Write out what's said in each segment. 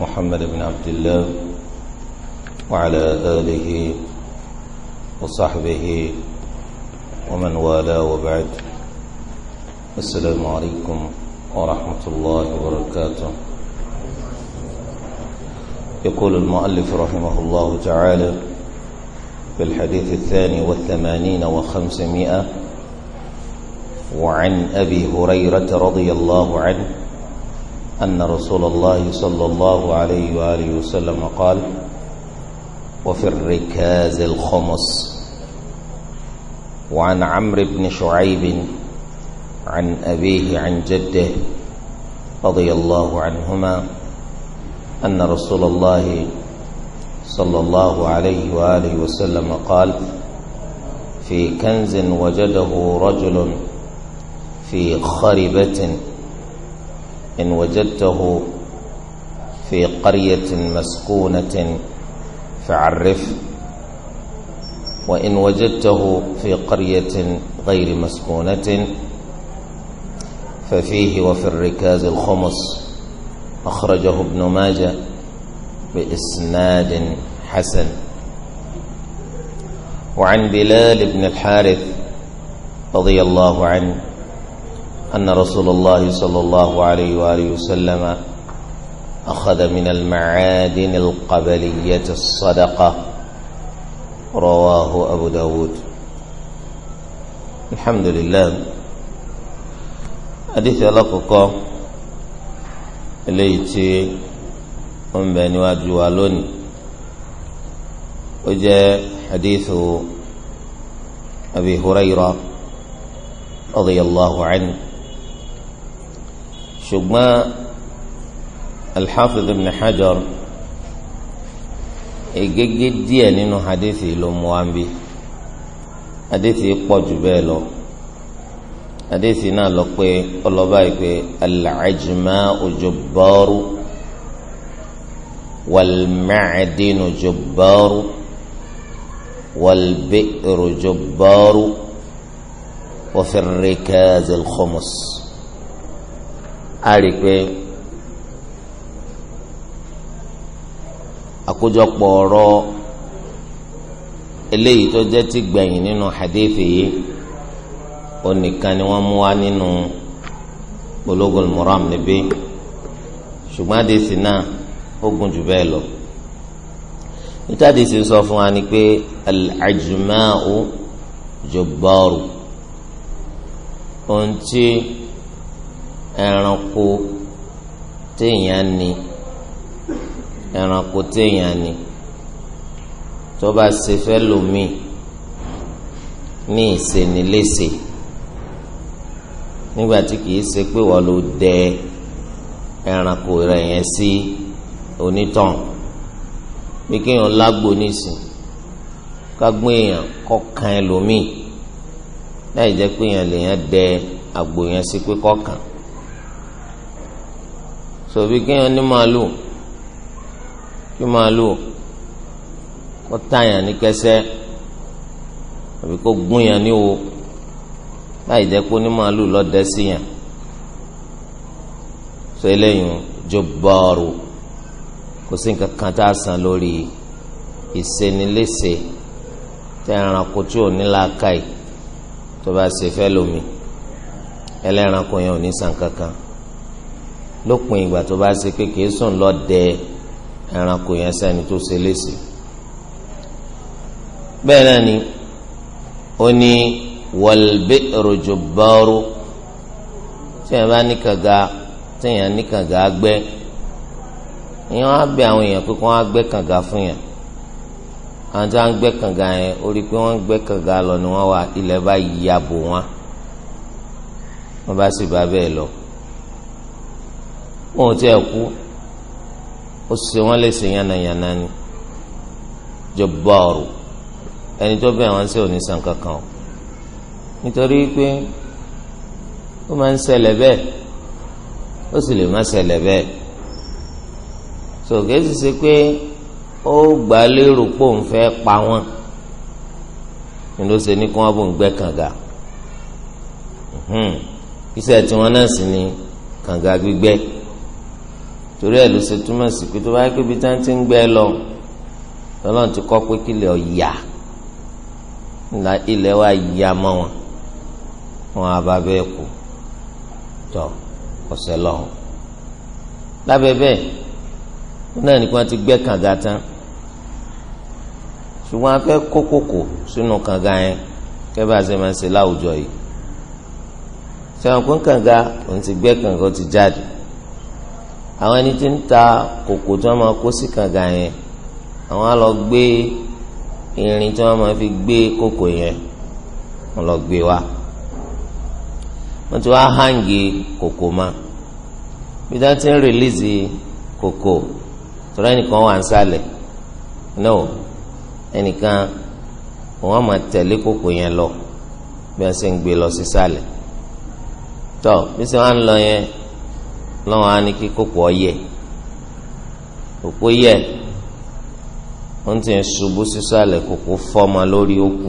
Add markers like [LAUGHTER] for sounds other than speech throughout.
محمد بن عبد الله وعلى آله وصحبه ومن والاه وبعد السلام عليكم ورحمة الله وبركاته يقول المؤلف رحمه الله تعالى في الحديث الثاني والثمانين وخمسمائة وعن أبي هريرة رضي الله عنه أن رسول الله صلى الله عليه وآله وسلم قال وفي الركاز الخمس وعن عمرو بن شعيب عن أبيه عن جده رضي الله عنهما أن رسول الله صلى الله عليه وآله وسلم قال في كنز وجده رجل في خربة إن وجدته في قرية مسكونة فعرف وإن وجدته في قرية غير مسكونة ففيه وفي الركاز الخمس أخرجه ابن ماجه بإسناد حسن وعن بلال بن الحارث رضي الله عنه أن رسول الله صلى الله عليه وآله وسلم أخذ من المعادن القبلية الصدقة رواه أبو داود الحمد لله حديث لقق ليتي أم بني وجوالون وجاء حديث أبي هريرة رضي الله عنه ṣùgbọ́n alḥafiz ibn hajar egege díẹ̀ nínú hadithi ló mú wá bí hadithi pọ̀ jù bẹ́ẹ̀ lọ hadithi náà lọ pé ọlọ́ba yìí pé al-ajma'u jubbaru wal-ma'dinu jubbaru wal-bi'ru jubbaru wa fi ar-rikaz al a rí i pé àkójọpọ̀ ọ̀rọ̀ eléyìí tó jẹ́ ti gbẹ̀yìn nínú hadithi yìí onìkan ni wọ́n mú wá nínú Bulughul Maram níbí ṣùgbọ́n àdìsí náà ó gùn jù bẹ́ẹ̀ lọ níta àdìsí sọ fún wa ni pé al-ajma'u ohun tí ẹranko téèyàn ni ẹranko téèyàn ni tó bá ṣe fẹ́ lòmíì ní ìṣeniléṣe nígbà tí kìí ṣe pé wọ́n ló dẹ ẹranko rẹ̀ yẹn sí onítàn pé kéèyàn lágbo nísìn kágbọ́n èèyàn kọ́kan ẹlòmíì láì jẹ́ pé èèyàn lèèyàn dẹ àgbò yẹn sí pé kọ́kan sòbí kéèyàn ní màálù kí màálù kó tààyàn ní kẹsẹ́ àbí kó gúnyàn ní wo báyìí jẹ́ pé ní màálù lọ́dẹ síyàn sọ eléyìí jọbọọrù kò sí nǹkan kan tá a san lórí ìṣeniléṣe tẹ ẹranko tí ò ní làákàyè tó bá ṣe fẹ́ lómi ẹlẹ́ranko yẹn ò ní san kankan lópin ìgbà tó bá ṣe pé kìí sùn lọ dẹ ẹranko yẹn sẹ́ni tó ṣe léṣe bẹ́ẹ̀ náà ni ó ní wọlbẹ rojo bọrọ tíyẹn bá ní kànga tíyẹn ní kànga gbẹ́ ìyẹn wọn á bẹ àwọn èèyàn pé kí wọn á gbẹ́ fún yẹn àwọn tí wọn á gbẹ́ yẹn ó rí i pé wọn ń gbẹ́ lọ ni wọn wà ilẹ̀ bá yíyabò wọn wọn bá sì bá bẹ́ẹ̀ lọ wọn ò tiẹ̀ kú ó sì wọn lè sè yánnayànna ni jọbọọrù ẹni tó bẹ̀ wọ́n sí òní san kankan o nítorí pé ó máa ń ṣẹlẹ̀ bẹ́ẹ̀ ó sì lè má ṣẹlẹ̀ bẹ́ẹ̀ sòkè sì ṣe pé ó gbà lérò pò ń fẹ́ pa wọ́n ní ló ṣe ní kí wọ́n bò ń gbẹ́ kànga iṣẹ́ tiwọn náà sì ni kànga gbígbẹ́ torí ẹ̀ ló ṣe túmọ̀ sí pé tó bá yẹ kó ibi tí wọ́n ti ń gbẹ́ lọ lọ́nà ti kọ́ pé kílẹ̀ ọ̀yà ńlá ilẹ̀ wa yà mọ́ wọn wọn àbá bẹ́ẹ̀ kú tọ́ ọ̀sẹ̀ lọ́hùn. lábẹ́ bẹ́ẹ̀ náà ni wọ́n ti gbẹ́ kànga tán ṣùgbọ́n a fẹ́ kó kòkò sínú kànga yẹn kẹ́ ṣe máa ṣe láwùjọ yìí ṣé wọn òun ti gbẹ́ kànga ó ti jáde àwọn ẹni tí ń ta kòkò tí wọ́n máa kó sí kànga yẹn àwọn á lọ gbé irin tí wọ́n máa fi gbé kòkò yẹn wọ́n lọ gbé wa wọ́n ti wá hangi kòkò ma bí wọ́n ti ń rìlíìsì kòkò tọ́lá ẹnìkan wà ń sálẹ̀ no ẹnìkan wọ́n máa tẹ̀lé kòkò yẹn lọ bí wọ́n sì ń gbé lọ sí sálẹ̀ tọ́ bí wọ́n á ń lọ yẹn lọ́wọ́ á ní kí kókó ọyẹ òpó yẹ wọ́n ti ń ṣubú sísàlẹ̀ kókó fọ́mọ lórí òkú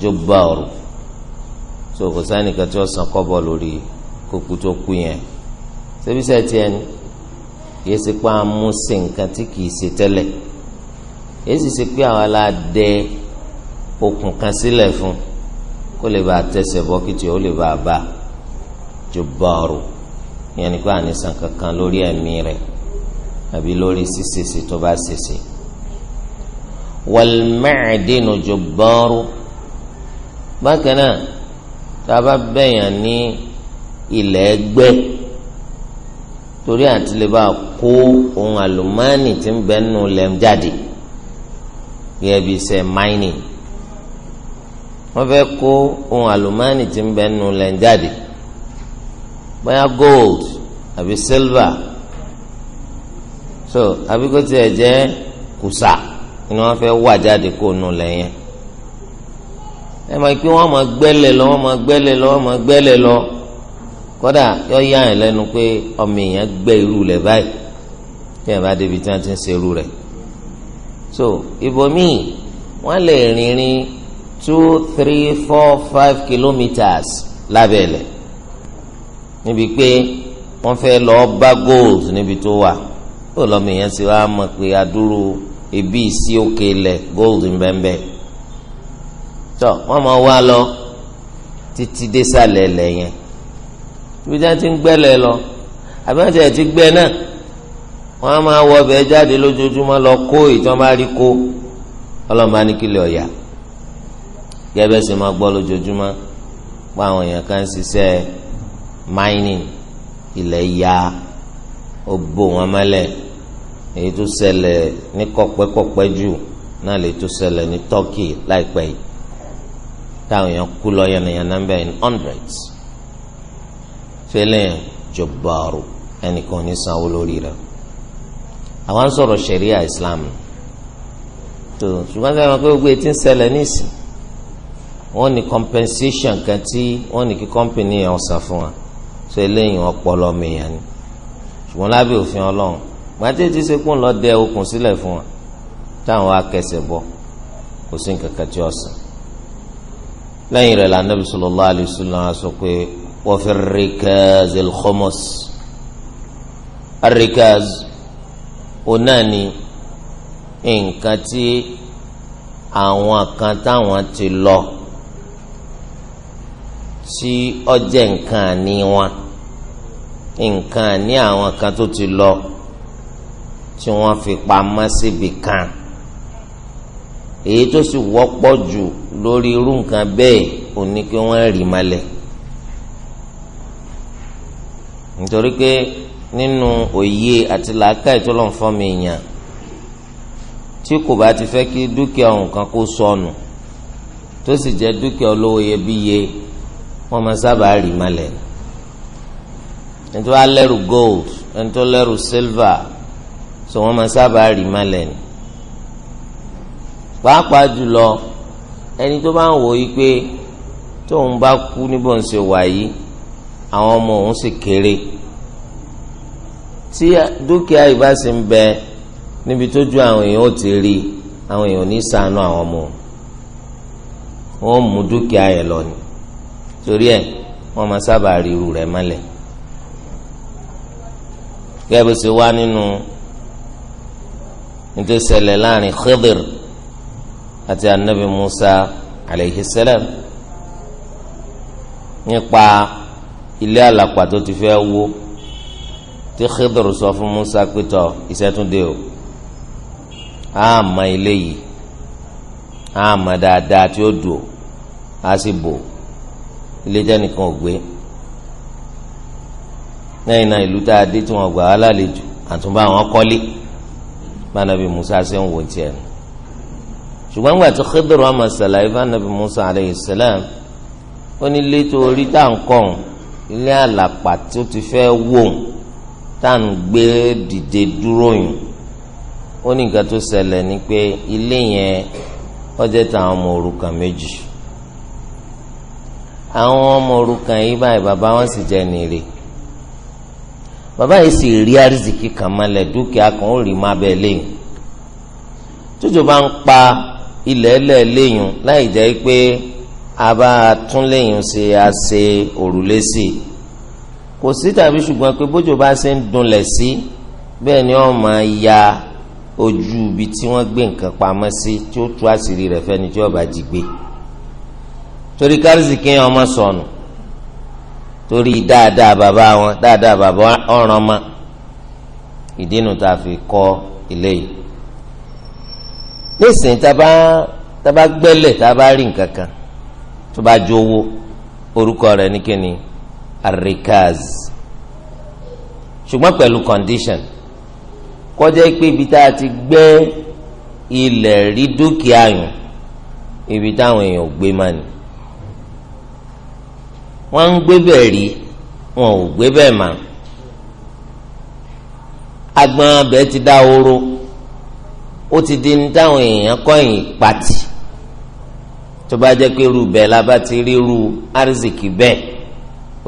jó bá ọ̀rọ̀ tó kò sánìkan tí wọ́n san kọ́bọ̀ lórí kókó tó kú yẹn ṣébi tiẹ̀ ni kì í ṣe pé a mú sí nǹkan tí kì í ṣe tẹ́lẹ̀ kì í sì ṣe pé àwa la okùn kan sílẹ̀ fún kó lè bá tẹsẹ̀ bọ́kìtì ó lè bá a bá jó bá ọ̀rọ̀ ìyẹn ni pé ànísàn kankan lórí ẹ̀mí rẹ̀ àbí lórí sísèse tó bá sèse. wàlmẹ́ẹ̀dínú jù bọ́ọ̀rù bákan náà tá a bá bẹ̀yàn ní ilẹ̀ ẹgbẹ́ torí àti lè bá kó ohun àlùmọ́ọ́nì tí ń bẹ́ nù lẹ́m jáde gẹ́gẹ́ bí sẹ́ mining wọ́n fẹ́ kó ohun àlùmọ́ọ́nì tí ń bẹ́ nù lẹ́m jáde bóyá gold àbí silver so àbí kó tiẹ̀ jẹ́ kùsà ni wọ́n fẹ́ wà jáde kó nu lẹ́yìn ẹ máa pé wọ́n máa gbẹ́lẹ̀ lọ wọ́n máa gbẹ́lẹ̀ lọ wọ́n máa gbẹ́lẹ̀ lọ kódà yọ yá yẹn lẹ́nu pé ọmọ èèyàn gbẹ́ irú rẹ̀ báyìí tí ẹ bá débi tí wọ́n ti ń ṣe irú rẹ̀ so ibòmíì wọ́n lè rìnrìn two three four five kilometres lábẹ́lẹ̀ níbi pé wọ́n fẹ́ lọ bá gold níbi tó wà ó lọ́mọ èèyàn sì wá mọ̀ pé adúrú ibi ìsí òkè ilẹ̀ gold ńbẹ́ńbẹ́ tọ́ wọ́n mọ̀ wá lọ títí désàlẹ̀ ilẹ̀ yẹn ibi tí wọ́n ti ń gbẹ́lẹ̀ lọ àbí wọ́n ti ẹ̀ ti gbẹ́ náà wọ́n á máa wọ ọbẹ̀ jáde lójoojúmọ́ lọ kó ìtàn bá rí kó ọlọ́mọba ní kílẹ̀ ọ̀yà gẹ́gẹ́ bẹ́ẹ̀ sì máa gbọ́ lójoojúmọ́ pa àwọn èèyàn kan ṣiṣẹ́ ẹ̀ mining ilẹ̀ ya ó bò wọn mọ́lẹ̀ èyí tó ṣẹlẹ̀ ní kọ̀pẹ́kọ̀pẹ́ jù náà lè tó ṣẹlẹ̀ ní Turkey láìpẹ́ yìí táwọn èèyàn kú lọ yànnàyànnà ń in hundreds fẹlẹ̀ jọ̀bọ̀rù ẹnìkan ní sanwó lórí rẹ̀ àwọn ń sọ̀rọ̀ ṣẹ̀ríà Islam tó ṣùgbọ́n sẹ́yìn wọn pé gbogbo etí ń ṣẹlẹ̀ nísìn wọ́n ní compensation kan tí wọ́n ní kí company yẹn ọ̀sà fún wa irúfẹ́ lẹ́yìn ọpọlọ mìíràn ni ṣùgbọ́n lábẹ́ òfin ọlọ́run gbàtí ètí sekún lọ dẹ okùn sílẹ̀ fún wa táwọn akẹsẹ̀ bọ́ kò sí nǹkan kan tí ó lẹ́yìn rẹ̀ la Nabi sallallahu alaihi wasallam sọ pé wa fi rikaz al-khumus rikaz onáni nǹkan tí àwọn kan táwọn ti lọ tí ó nǹkan àní wọn nǹkan ní àwọn kan tó ti lọ tí wọ́n fi pamọ́ síbi kan èyí tó sì wọ́pọ̀ jù lórí irú nǹkan bẹ́ẹ̀ ò ní kí wọ́n rì malẹ̀ nítorí pé nínú òye àti làákàyè tó lọ́n fọ́n mi yàn tí kò bá ti fẹ́ kí dúkìá nǹkan kó sọnù tó sì jẹ́ dúkìá olówó iyebíye wọ́n máa sábà rì malẹ̀ ni ẹni tó bá gold ẹni tó lẹ́rù silver so wọ́n máa sábà rì malẹ̀ ni pàápàá jùlọ ẹni tó bá ń wò yí pé tóun bá kú níbò ń ṣe wà yìí àwọn ọmọ òun sì kéré tí dúkìá ìbá sì ń bẹ níbi tó ju àwọn èèyàn ó ti rí àwọn èèyàn ní sànú àwọn ọmọ wọn mú dúkìá yẹn lọ ni torí ẹ wọn máa sábà rí irú rẹ̀ mọ́lẹ̀ gẹ́gẹ́ bó ṣe wá nínú nítorí ṣẹlẹ̀ láàrin Khidir àti anabi Musa alayhi salam nípa ilé àlàpà tó ti fẹ́ wó tí Khidir sọ fún Musa pétọ ìṣẹ́túndé o àmọ́ ilé yìí àmọ́ dáadáa tí ó dùn ó sì bò ilé jẹ́ nìkan ò gbé lẹ́yìn náà ìlú tá a dé tí wọ́n gbà á lálejò àtúnbá àwọn kọ́lé bá nàbí Musa ṣe ń wò tiẹ̀ nù ṣùgbọ́n nígbà tí Khidr wa masala ibà nàbí Musa alayhi salam ó ní ilé tó rí tá à ń kọ́ ọ̀hún ilé àlàpà tó ti fẹ́ wò ó tá à ń gbé dìde dúró yìí ó ní nǹkan tó ṣẹlẹ̀ ni pé ilé yẹn ó jẹ́ tàwọn ọmọ òrukàn méjì àwọn ọmọ òrukàn yìí báyìí bàbá wọn sì jẹ́ nìire bàbá yìí sì rí àrísìkí kan mọ́lẹ̀ dúkìá kan ó rí má bẹ́ẹ̀ léyìn tójò bá ń pa ilẹ̀ ẹlẹ̀ léyìn láì jẹ́ pé a bá tún léyìn ṣe a ṣe òrùlé sí i kò sí tàbí ṣùgbọ́n pé bójò bá ṣe ń dunlẹ̀ sí bẹ́ẹ̀ ni wọ́n máa ya ojú ibi tí wọ́n gbé nǹkan pamọ́ sí tí ó tú àṣírí rẹ̀ fẹ́ni tí wọ́n jí gbé torí kárìsì kéèyàn ọmọ sọnù. So torí dáadáa bàbá wọn dáadáa bàbá ọ̀ràn ma ìdínú tá a fi kọ́ ilé yìí nísìnyí tábà taba gbẹ́lẹ̀ tábà rí nǹkan kan tó bá jó owó orúkọ rẹ̀ ní kíni arikaz ṣùgbọ́n pẹ̀lú condition kọjá pé ibi tá a ti gbẹ́ ilẹ̀ rí dúkìá yùn ibi táwọn èèyàn ò gbé mọ́ ni wọ́n ń gbé bẹ́ẹ̀ rí wọn ò gbé bẹ́ẹ̀ mà agbọn abẹ ti dá oró ó ti di ní táwọn èèyàn kọ̀yìn pàtì tó bá jẹ́ pé irú bẹ́ẹ̀ la bá ti rí irú arzikì bẹ́ẹ̀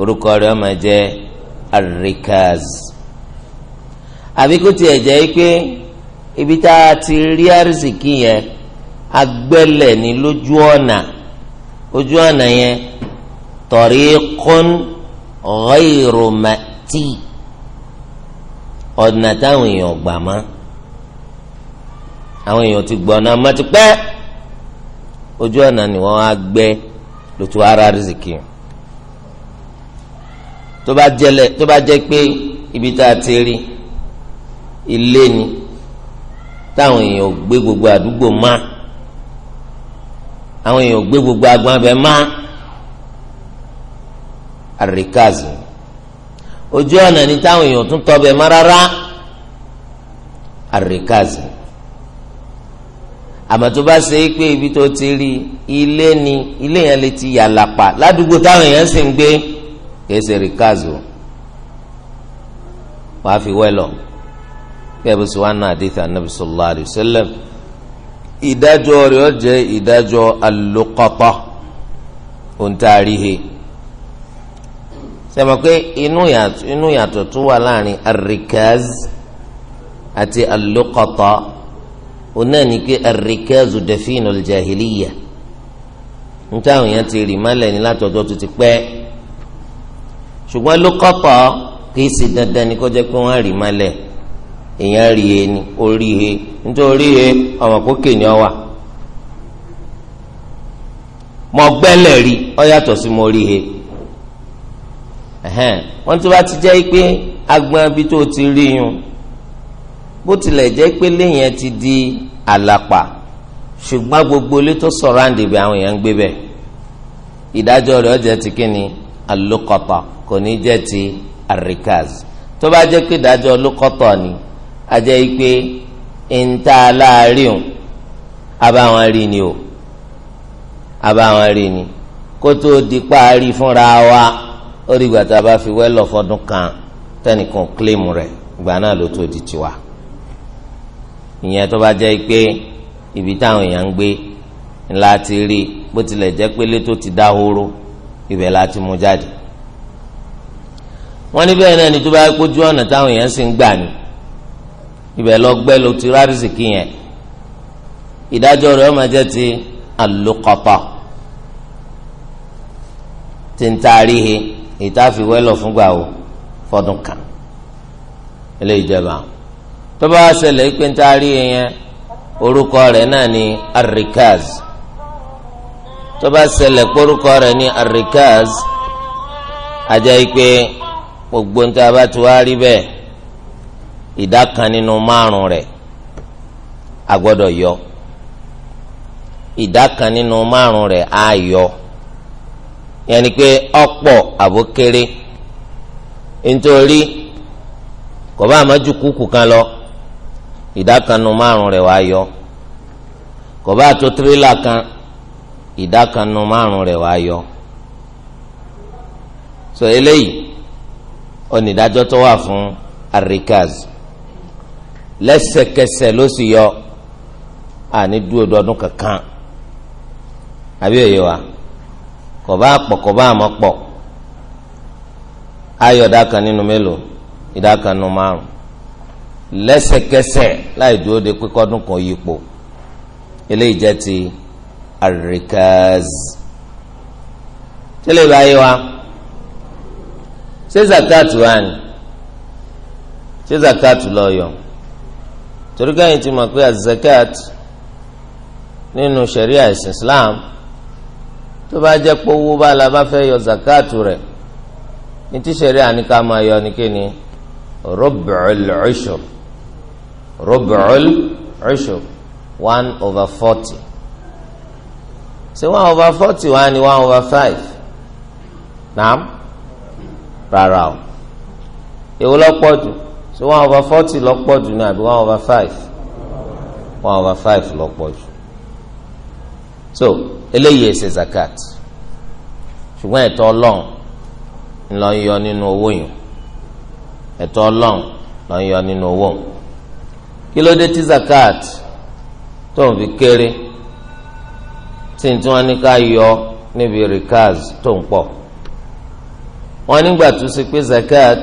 orúkọ rẹ̀ ọmọ jẹ́ arikaz àbí kó tiẹ̀ jẹ́ pé ibi tá a ti rí arzikì yẹn agbẹ́lẹ̀ ní lójú ọ̀nà ojú ọ̀nà yẹn tariqun ghayru mati ọ̀nà táwọn èèyàn gbà má àwọn èèyàn ti gbọ́ ọ̀nà má ti pẹ́ ojú ọ̀nà ni wọ́n á gbẹ́ lótú ara rìsìkì tó bá jẹlẹ pé ibi tá a ti rí ilé ni táwọn èèyàn gbé gbogbo àdúgbò má àwọn èèyàn gbé gbogbo agbọn abẹ má àríkàzì ojú ọ̀nà ní táwọn èèyàn tún tọ́ bẹ̀ mọ́ rárá àríkàzì àmọ́ tó bá ṣe é pé ibi tó ti rí ilé ni ilé yẹn lè ti yàlàpà ládùúgbò táwọn èèyàn sì ń gbé kìí ṣe àríkàzì o wàá fi wẹ́lọ̀ kí ẹ bó ṣe wá náà ìdájọ́ rẹ̀ ó jẹ́ ìdájọ́ alùkọ́tọ́ òǹtaarihe. Al sẹ́mi pé inú yàtọ̀ tó wà láàrin arikaz àti alukọtọ onáà ní pé arikaz dẹfínà jahiliya níta àwọn yẹn ti rì mọ́lẹ̀ ní látọ̀jọ́ tó ti pẹ́ ṣùgbọ́n alukọtọ kì í ṣe dandan ni kó pé wọ́n rì mọ́lẹ̀ èèyàn rí e orí e nítorí e ọ wà mọ ọ yàtọ̀ sí mo rí e. wọ́n tó bá ti jẹ́ pé agbọn ibi tó ti rí yun bó tilẹ̀ jẹ́ pé lẹ́yìn ẹ ti di àlàpà ṣùgbọ́n gbogbo ilé tó sọ̀rọ̀ àǹdìbì àwọn èèyàn ń gbé bẹ̀ ìdájọ́ rẹ̀ ó jẹ́ ti kíni alókọ̀tà kò ní jẹ́ ti àríkàz tó bá jẹ́ pé ìdájọ́ olókọ̀tà ni a jẹ́ pé ìta aláàárín abáwọn rí ni o abáwọn rí ni kó tó di parí fúnra wa ó rí ìgbà tá a bá fi wẹ́lọ̀ fọdún kan tẹnìkan kílèmù rẹ̀ ìgbà náà ló tó di tiwa ìyẹn tó bá jẹ́ pé ibi táwọn èèyàn ń gbé ńlá ti rí bó tilẹ̀ jẹ́ pé létò ti dá horo ibẹ̀ la ti mú jáde wọ́n ní bẹ́ẹ̀ náà ni tó bá kójú ọ̀nà táwọn èèyàn sì ń gbà ní ibẹ̀ lọ ló ti rárísìkì yẹn ìdájọ́ rẹ̀ ó máa jẹ́ ti alùkọ́tọ̀ tí ń taari he ìtàfi wẹ́lọ̀ fúngbà o fọdún kan ilé ìjọba tó bá ṣẹlẹ̀ pé ń taari yẹn orúkọ rẹ̀ náà ni arikaz tó bá ṣẹlẹ̀ pé orúkọ rẹ̀ ni arikaz ajá yìí gbogbo ń ta bá ti rí bẹ́ẹ̀ ìdá kan nínú márùn rẹ̀ a gbọ́dọ̀ yọ ìdá kan nínú márùn rẹ̀ á yọ yẹn ni pé ọ̀pọ̀ àbókéré nítorí kò bá àmọ́jú kúkú kan lọ ìdákanu márùn rẹ̀ wá yọ kò bá tó tirẹ́là kan ìdákanu márùn rẹ̀ wá yọ so eléyìí onídàájọ́ tó wà fún arikaz lẹ́sẹ̀kẹsẹ̀ ló sì yọ àní dúró dọdún kankan àbí òye wa kò bá pọ̀ kò bá àmọ́ pọ̀ ayọ̀ ìdá kan nínú mélòó ìdá nínú márùn lẹ́sẹ̀kẹsẹ̀ láì dúró de pé kọ́dún kan yípo eléyìí jẹ́ ti arikaz tẹ́lẹ̀ báyìí wa ṣé zakat wà ní ṣé zakat lọ torí káyìn ti mọ̀ pé zakat nínú sharia ẹ̀sìn islam tó bá jẹ́ pé owó bá la bá fẹ́ yọ zakatu rẹ̀ ní tíṣẹ̀rí àníkà máa yọ ní kíni rubu'ul ushur rubu'ul ushur one over forty ṣé one over forty wá ní one over five naam rárá o èwo lọ́pọ̀ jù one over forty lọ́pọ̀ jù ní àbí one over five one over five lọ́pọ̀ jù so eléyìí èsè zakat ṣùgbọ́n ẹ̀tọ́ ọlọ́run ńlọ ń yọ nínú owó yìí ẹ̀tọ́ ọlọ́run lọ ń yọ nínú owó kí ló dé tí zakat tó ń fi kéré tí n tí wọ́n ní ká yọ níbi rikaz tó ń pọ̀ wọ́n nígbà tó ṣe pé zakat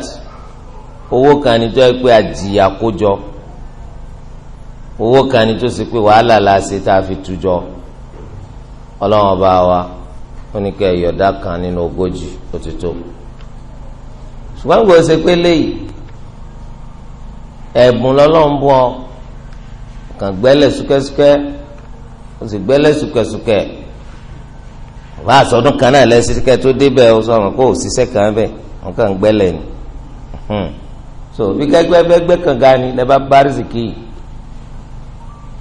owó kan ní tó yẹ pé àjìyà kó jọ owó kan ní tó ṣe pé wàhálà la ṣe tá a fi tu jọ ọlọ́run ọba wa ó ní kẹ́ ẹ̀yọ̀dá kan nínú ogójì òtítọ́ ṣùgbọ́n gbọ́dọ̀ ṣe pé léyìí ẹ̀bùn lọ́lọ́run bọ́ ọ kàn gbẹ́lẹ̀ súkẹ́súkẹ́ ó sì gbẹ́lẹ̀ súkẹ́súkẹ́ ọba àsọdún kan náà lẹ́sìkẹ́ tó débẹ̀ ó sọ̀rọ̀ kó òṣìṣẹ́ kan bẹ̀ wọ́n kàn gbẹ́lẹ̀ ni hmm. so bí kẹ́gbẹ́gbẹ́gbẹ́ kan ga ni lẹ́ bá bá rìsìkì yìí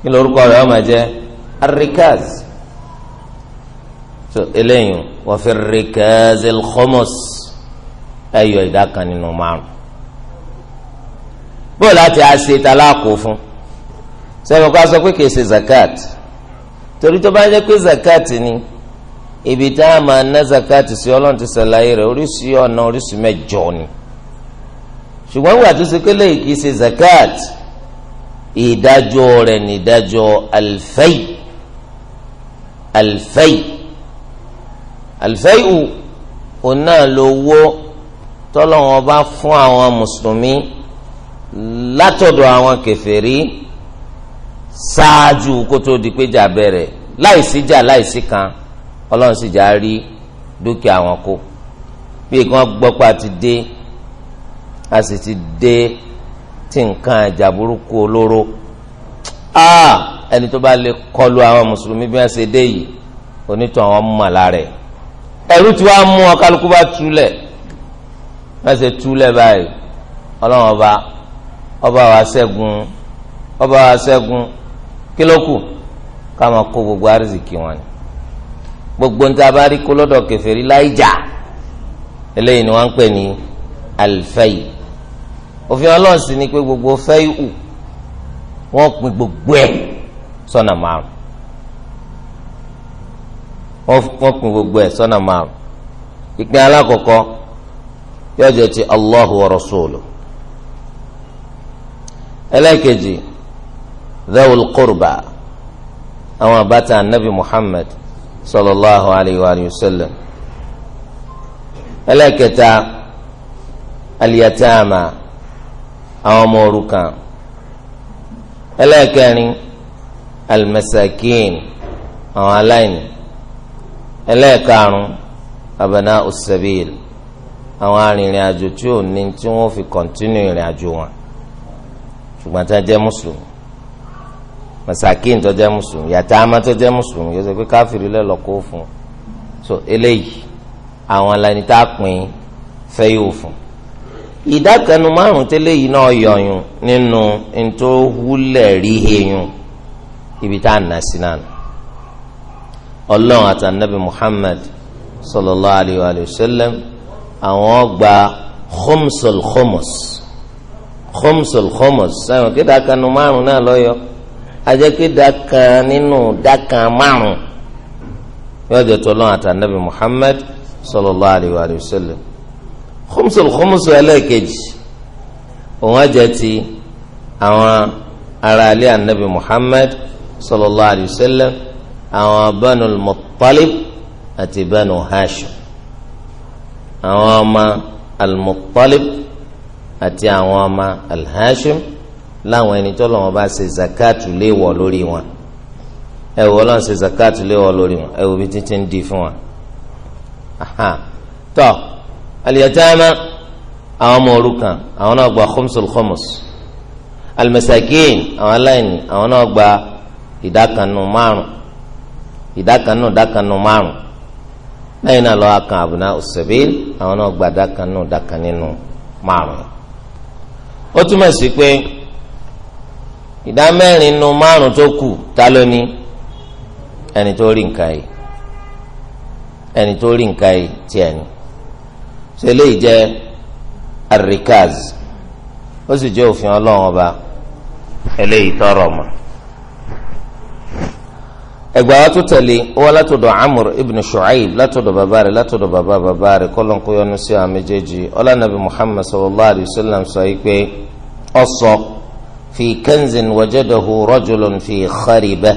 kí lórúkọ rẹ̀ ọmọ jẹ́ arikaz so eléyìí wa fi rikazil khumus ẹyọ ìdá kan nínú márùn bó láti àṣe taláàkó fún sẹ́wọ̀n ká sọ pé kìí ṣe zakat torí tó bá jẹ́ pé zakat ni ibi tá a máa ná zakat sí ọlọ́run ti ṣàlàyé rẹ̀ oríṣi ọ̀nà oríṣi mẹ́jọ ni ṣùgbọ́n ìwà tó ṣe pé kìí ṣe zakat ìdájọ́ rẹ̀ ní ìdájọ́ alfẹ́yì alfẹ́yì àlùfẹ́yù òun náà lówó tọ́lọ́wọ́n bá fún àwọn mùsùlùmí látọ̀dọ̀ àwọn kèfèrí ṣáájú kó tó di pé jà bẹ̀rẹ̀ láìsí jà láìsí kan ọlọ́run sì já rí dúkìá àwọn kó bí kan gbọ́pọ̀ àti dé a sì ti dé tí nǹkan ẹ̀jà burúkú olóró ah, ẹni tó bá lè kọlu àwọn mùsùlùmí bí wọ́n ṣe dé yìí onítọ̀ àwọn mọ̀ lára ẹ̀ ẹ̀rú tí wàá mú ọkàlùkù bá túlẹ̀ mẹsẹ̀ túlẹ̀ báyìí ọlọ́run ọba ọba wa ṣẹ́gun ọba wa ṣẹ́gun kílókù káma kó gbogbo àrísìkì wọn ni gbogbo níta bá rí kó lọ́dọ̀ kèfèrí eléyìí ni wọ́n ń pè ní alifẹ́yì òfin ọlọ́run sì ni pé gbogbo fẹ́yì hù wọ́n pín gbogbo ẹ̀ sọ́nà márùn wọ́n kún gbogbo ẹ̀ sọ́nà márùn ìpín alákọ̀ọ́kọ́ yóò jẹ́ ti Allahu wa rasuluhu ẹlẹ́ẹ̀kejì dhawul qurba àwọn àbátan anabi Muhammad sallallahu alayhi wa sallam ẹlẹ́ẹ̀kẹta aliyatama àwọn ọmọ òrukàn ẹlẹ́ẹ̀kẹrin almasakin àwọn aláìní. ẹlẹ́ẹ̀karùn abana usabil àwọn arìnrìn àjò tí ò ní tí wọ́n fi kọ́ntínú ìrìn àjò wọn ṣùgbọ́n jẹ́ mùsùlùmí masakin tó jẹ́ mùsùlùmí yàtàmà tó jẹ́ mùsùlùmí yóò sọ pé káfíìrì fún so eléyìí àwọn alani tá a pín fẹ́ yóò fún ìdákanu márùn tẹ́lẹ̀ ibi tá a ọlọ́run àti anabi muhammad sallallahu alayhi wa sallam àwọn gba khumsul khumus khumsul khumus sáyẹn kí dakanu márùn náà lọ́yọ́ ajẹ́ kí dakan nínú dakan márùn yóò jẹ́ tó ọlọ́run àti anabi muhammad sallallahu alayhi wa sallam khumsul khumus ẹlẹ́ẹ̀kejì òun ajẹ́ ti àwọn aráalé anabi muhammad sallallahu alayhi àwọn Banul Muttalib àti Banu Hashim àwọn ọmọ Al-Muttalib àti àwọn ọmọ Al-Hashim láwọn ẹni tó lọ́wọ́ bá ṣe zakatu léwọ̀ lórí wọn ẹ wò lọ́n ṣe zakatu léwọ̀ lórí wọn ẹ wò bí títí ń di fún wọn. tọ́ al àwọn ọmọ òrukàn àwọn náà gba khumsul khumus al àwọn aláìní àwọn náà gba ìdákanu márùn-ún ìdákanu dákanu márùn lẹ́yìn náà lọ akan àbùnà òsèbíl àwọn náà gba dákanu dákan nínú márùn ó túmọ̀ sí pé ìdá mẹ́rin nínú márùn tó kù ta ló ní ẹni tó rí nǹkan yìí ẹni tó rí nǹkan yìí tiẹ̀ ni ṣe lè jẹ́ àríkàz ó sì jẹ́ òfin ọlọ́run ọba eléyìí tọrọ mọ́ ẹgbàá wa tó tẹ̀lé wọn látọ̀dọ̀ amur ibn shu'aib látọ̀dọ̀ bàbá rẹ̀ látọ̀dọ̀ bàbá bàbá rẹ̀ kọ́lọ́nkó yọnu sí àwọn méjèèjì ọlànàbí muhammad sallallahu alayhi wa sallam sọ yìí pé ọsọ fi kanzin wajadahu rajulun fi khariba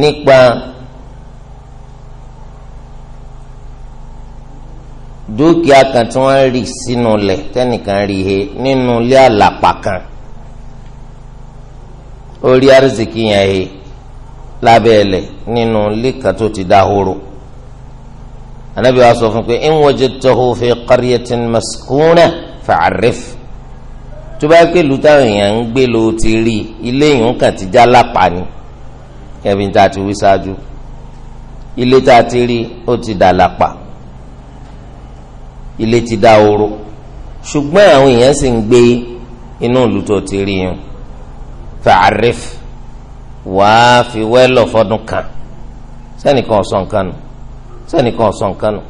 nípa dúkìá kan tí wọ́n rí sínú lẹ̀ tẹ́nìkan rí he nínú ilé àlàpà kan orí arzikì yẹn he lábẹ́ ẹlẹ̀ nínú líka tó ti dá horo anabi wa sọ fún pé in wajadtahu fi qaryatin maskuna fa'arif tó bá pé lùtàwọn èèyàn ń gbé lo ti rí ilé yìí ń kàn ti já lápá ni kẹbi tá a ti wí ṣáájú ilé tá ti rí ó ti dà lápá ilé ti dá horo ṣùgbọ́n àwọn èèyàn sì ń gbé inú ìlú tó ti rí yẹn fa'arif wàá fi wẹ́lọ̀ fọdún kan sẹ́nìkan ọ̀sán nǹkan nù sẹ́nìkan ọ̀sán nǹkan nù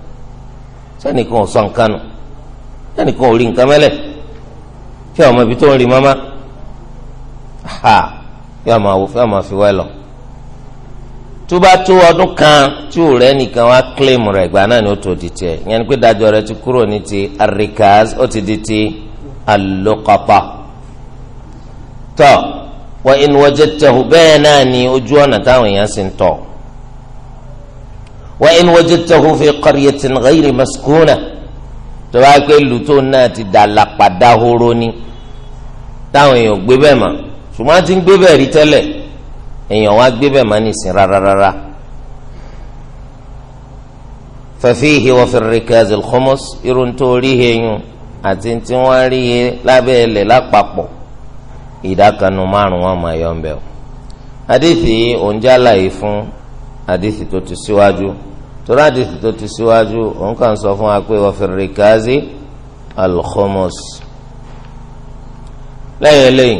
sẹ́nìkan ọ̀sán nǹkan nù sẹ́nìkan ò rí nǹkan mẹ́lẹ̀ kí ọmọ ibi tó ń rí mọ́mọ́ ha kí ọmọ àwò fẹ́ ọmọ fi wẹ́lọ̀ tó bá tó ọdún kan tí ò rẹ́ nìkan wá kílèmù rẹ̀ gbà náà ni ó tó di tiẹ̀ ìyẹn ni pé dájọ́ rẹ̀ ti kúrò ní ti arikaz ó ti di ti alokapa tọ́ wa in wajadtahu bẹ́ẹ̀ náà ni ojú ọ̀nà táwọn èèyàn sì ń tọ̀ wa in wajadtahu fi qaryatin ghayri maskuna tó bá pé lùtò náà ti dà lápàdá horo ni táwọn èèyàn gbé bẹ́ẹ̀ mọ́ ṣùgbọ́n ti ń gbé bẹ́ẹ̀ rí tẹ́lẹ̀ èèyàn wá gbé bẹ́ẹ̀ mọ́ nìsín rárára. fafihi wa fi rikaz irun tó rí heyun àti tí wọ́n rí he lábẹ́ ilẹ̀ lápapọ̀. La ìdákanu márùn wọn máa yọ ńbẹ o àdìsí òǹjẹ àlàyé fún àdìsí tó ti síwájú torí àdìsí tó ti síwájú òun kàn sọ fún wa pé wọ́n fi rìkází alkhomos lẹ́yìn eléyìí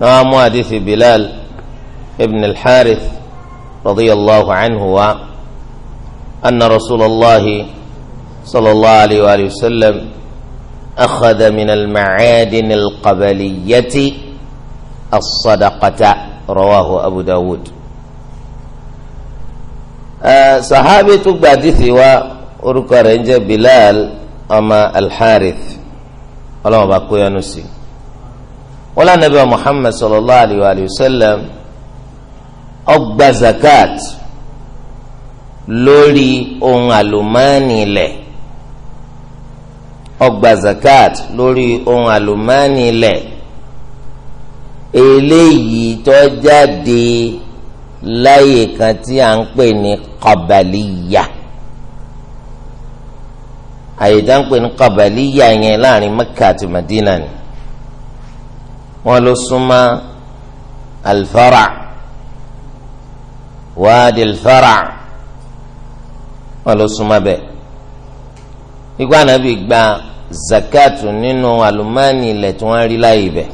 náà wọ́n mú àdìsí bilal ibn al-harith radiyallahu anhu wa anna rasulallah sallallahu alayhi wa sallam. أخذ من المعادن القبلية الصدقة رواه أبو داود أه صحابي تقبادثي وأركا رنجة بلال أما الحارث الله باكويا نسي ولا نبي محمد صلى الله عليه وآله وسلم أقبى زكاة lórí ohun àlùmọ́ọ́nì ọgbà zakat lórí ohun àlùmọ́ọ́nì ilẹ̀ eléyìí tó jáde láyè kan tí a ń pè ní kọ̀bàlíyà àyè tá ń pè ní kọ̀bàlíyà yẹn láàrin Mẹ́kà àti Madina ni wọ́n ló súnmọ́ alfara wadi alfara wọ́n ló súnmọ́ bẹ́ẹ̀ ikú ànábì gba zakatu nínú àlùmánì ilẹ̀ tí wọ́n rí láyé bẹ̀.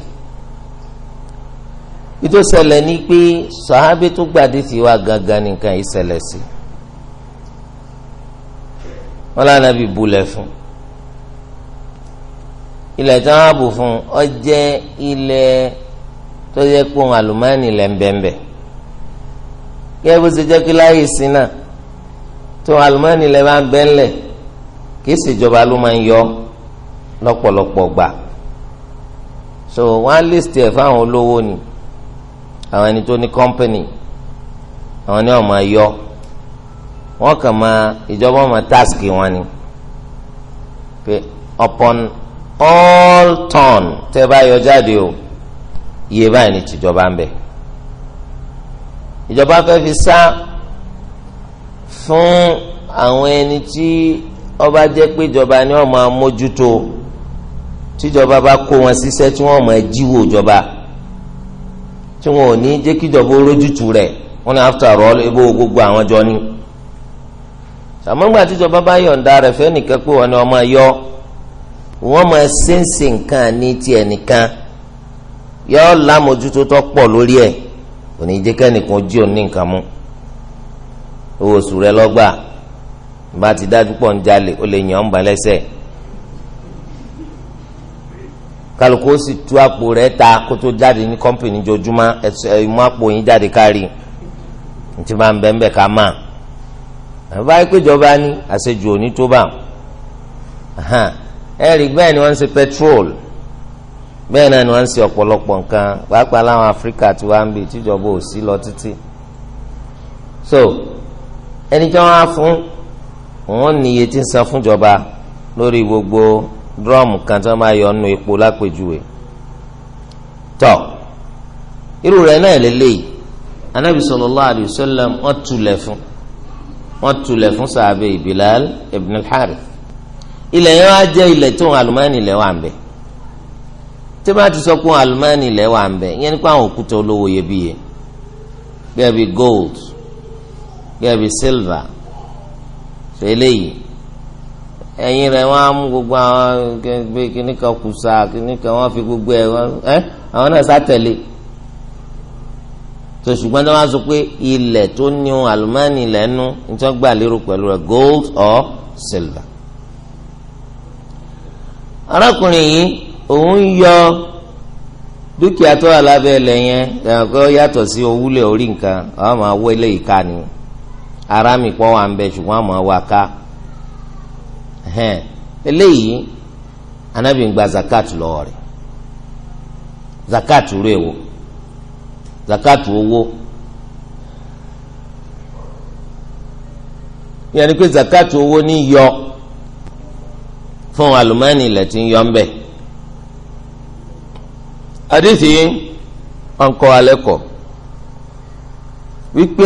ìtò ṣẹlẹ̀ ni pé sàhábì tó gbàdé ti wá gangan nìkan yìí ṣẹlẹ̀ sí wọn lànàbì bulẹ̀ fún ilẹ̀ tí wọ́n á bù fún ọ jẹ́ ilẹ̀ tó yẹ kó àlùmánì ilẹ̀ ń kí ẹ bó ṣe jẹ́ kí láyé sí náà tó àlùmánì ilẹ̀ bá ń bẹ́ẹ̀ kìí ṣèjọba ló máa ń yọ lọ́pọ̀lọpọ̀ gbà so wọ́n á list ẹ̀ fáwọn olówó ni àwọn ẹni tó ní company àwọn ni wọ́n máa yọ wọ́n kàn máa ìjọba máa task wọn ni pé upon all turn tẹ́ bá yọ jáde o iye báyìí ni tìjọba ń bẹ ìjọba fẹ́ fi sá fún àwọn ẹni tí ọba jẹ́ pé ìjọba ni wọ́n máa mójútó tíjọba bá kó wọn síṣẹ́ tí wọ́n máa jíwò ìjọba tí wọn ò ní jẹ́ kíjọba rójútu rẹ̀ wọ́n ní after all ebo gbogbo àwọn jọ ni sàmúgbà tíjọba bá yọ̀ǹda rẹ̀ fẹ́ nìkan pé wọn ni wọ́n máa yọ wọ́n máa ṣèǹṣì nǹkan ní tiẹ̀ nìkan yọ lámójútó tó pọ̀ lórí ẹ̀ kò jẹ́ kẹ́nìkan jí òun nǹkan mú owó oṣù rẹ̀ lọ́gbàá bá ti dájú pọ̀ ń jalè ó lè yàn án bá lẹ́sẹ̀ kálukú ó sì tú àpò rẹ̀ ta kó tó jáde ní kọ́mpìnì jojúmọ́ ẹ̀ mú àpò yín jáde kárí ntí máa ń bẹ́ẹ̀ bẹ́ẹ̀ ká máa àbá ìpéjọba ní àṣejù òní tó bá ẹ rí bẹ́ẹ̀ ni wọ́n ń ṣe petrol bẹ́ẹ̀ náà ni wọ́n ń ṣe ọ̀pọ̀lọpọ̀ nǹkan pàápàá láwọn Áfíríkà tí wọ́n á ń bì tíjọba ò sí lọ títí so ẹni tí wọ́n á fún wọ́n ní iye tí ń san fúnjọba lórí gbogbo dírọ́ọ̀mù kan tí wọ́n máa yọ nínú epo lápèjúwe tọ́ irú rẹ̀ náà lélẹ́yìí anabi sallallahu alayhi wa sallam fún wọ́n tulẹ̀ fún sàbẹ̀ Bilal ibn al-Harith ilẹ̀ yẹn wá jẹ́ ilẹ̀ tó ń alùmánì ilẹ̀ wà ń bẹ̀ tí wọ́n ti sọ pé alùmánì ilẹ̀ wà ń bẹ̀ ìyẹn nípa àwọn òkúta olówó iyebíye gẹ́gẹ́ bí gold gẹ́gẹ́ bí silver eléyìí ẹyin rẹ̀ wọ́n á mú gbogbo àwọn gbé kíní kan kùsà kíní kan fi gbogbo ẹ̀ wọ́n ẹ́ àwọn náà sátẹ̀lé tó ṣùgbọ́n tó máa sọ pé ilẹ̀ tó ní ohun àlùmọ́ọ́nì lẹ́nu ní gbà gold or silver. arákùnrin yìí òun yọ dúkìá tó wà lábẹ́ ilẹ̀ yẹn yàtọ̀ sí owúlẹ̀ orí nǹkan ni. arami pọ̀ wà ń bẹ ṣùgbọ́n àmọ́ wà ká eléyìí anabi ń gba zakat lọ́wọ́ rẹ̀ zakat rẹ̀ wò zakat owó yẹn ni pé zakat owó ní yọ fún alùmọ́ọ́nì ilẹ̀ tí ń yọ ń bẹ̀ adéṣe ọkọ̀ alẹ́ wípé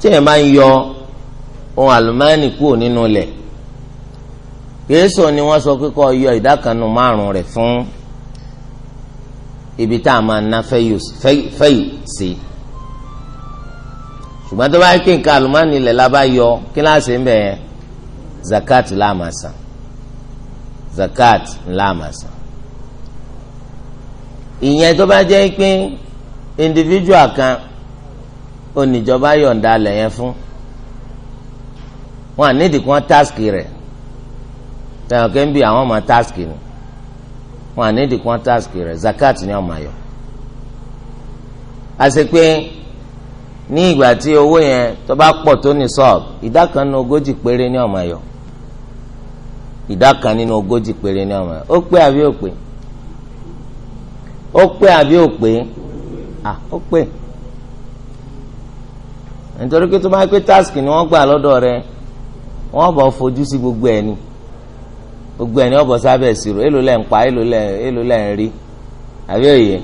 tí èèyàn máa ń yọ ohun àlùmáànì kúrò nínú ilẹ̀ kèésò ni wọ́n sọ pé kó yọ ìdá kan nínú márùn rẹ̀ fún ibi tá a máa ná fẹ́yì sí ṣùgbọ́n tó bá yẹ kí nǹkan àlùmáànì ilẹ̀ la bá yọ kí ń bẹ̀ yẹn zakat láàmà san zakat láàmà san ìyẹn tó bá jẹ́ pé individual kan oníjọba yọ̀ǹda alẹ̀ yẹn fún wọn ànídìí kí táàsìkì rẹ̀ tẹ̀wọ̀n kẹ́ ń bi àwọn ọmọ táàsìkì ni wọn ànídìí kí rẹ̀ zakat ni ọmọ ayọ̀ àṣẹ pé ní ìgbà tí owó yẹn tó bá pọ̀ tó ní sọ́ọ̀b ìdá kan nínú ogójì péré ní ọmọ ayọ̀ ìdá kan nínú ogójì péré ní ọmọ ayọ̀ ó pé àbí nítorí pé tó bá pé táàsì ni wọ́n gbà lọ́dọ̀ rẹ wọ́n bọ̀ fojú sí gbogbo ẹ̀ ni gbogbo ẹ̀ ni wọ́n bọ̀ sábẹ̀ sírò èlò lẹ́ ń pa èlò lẹ́ ń rí àbí òye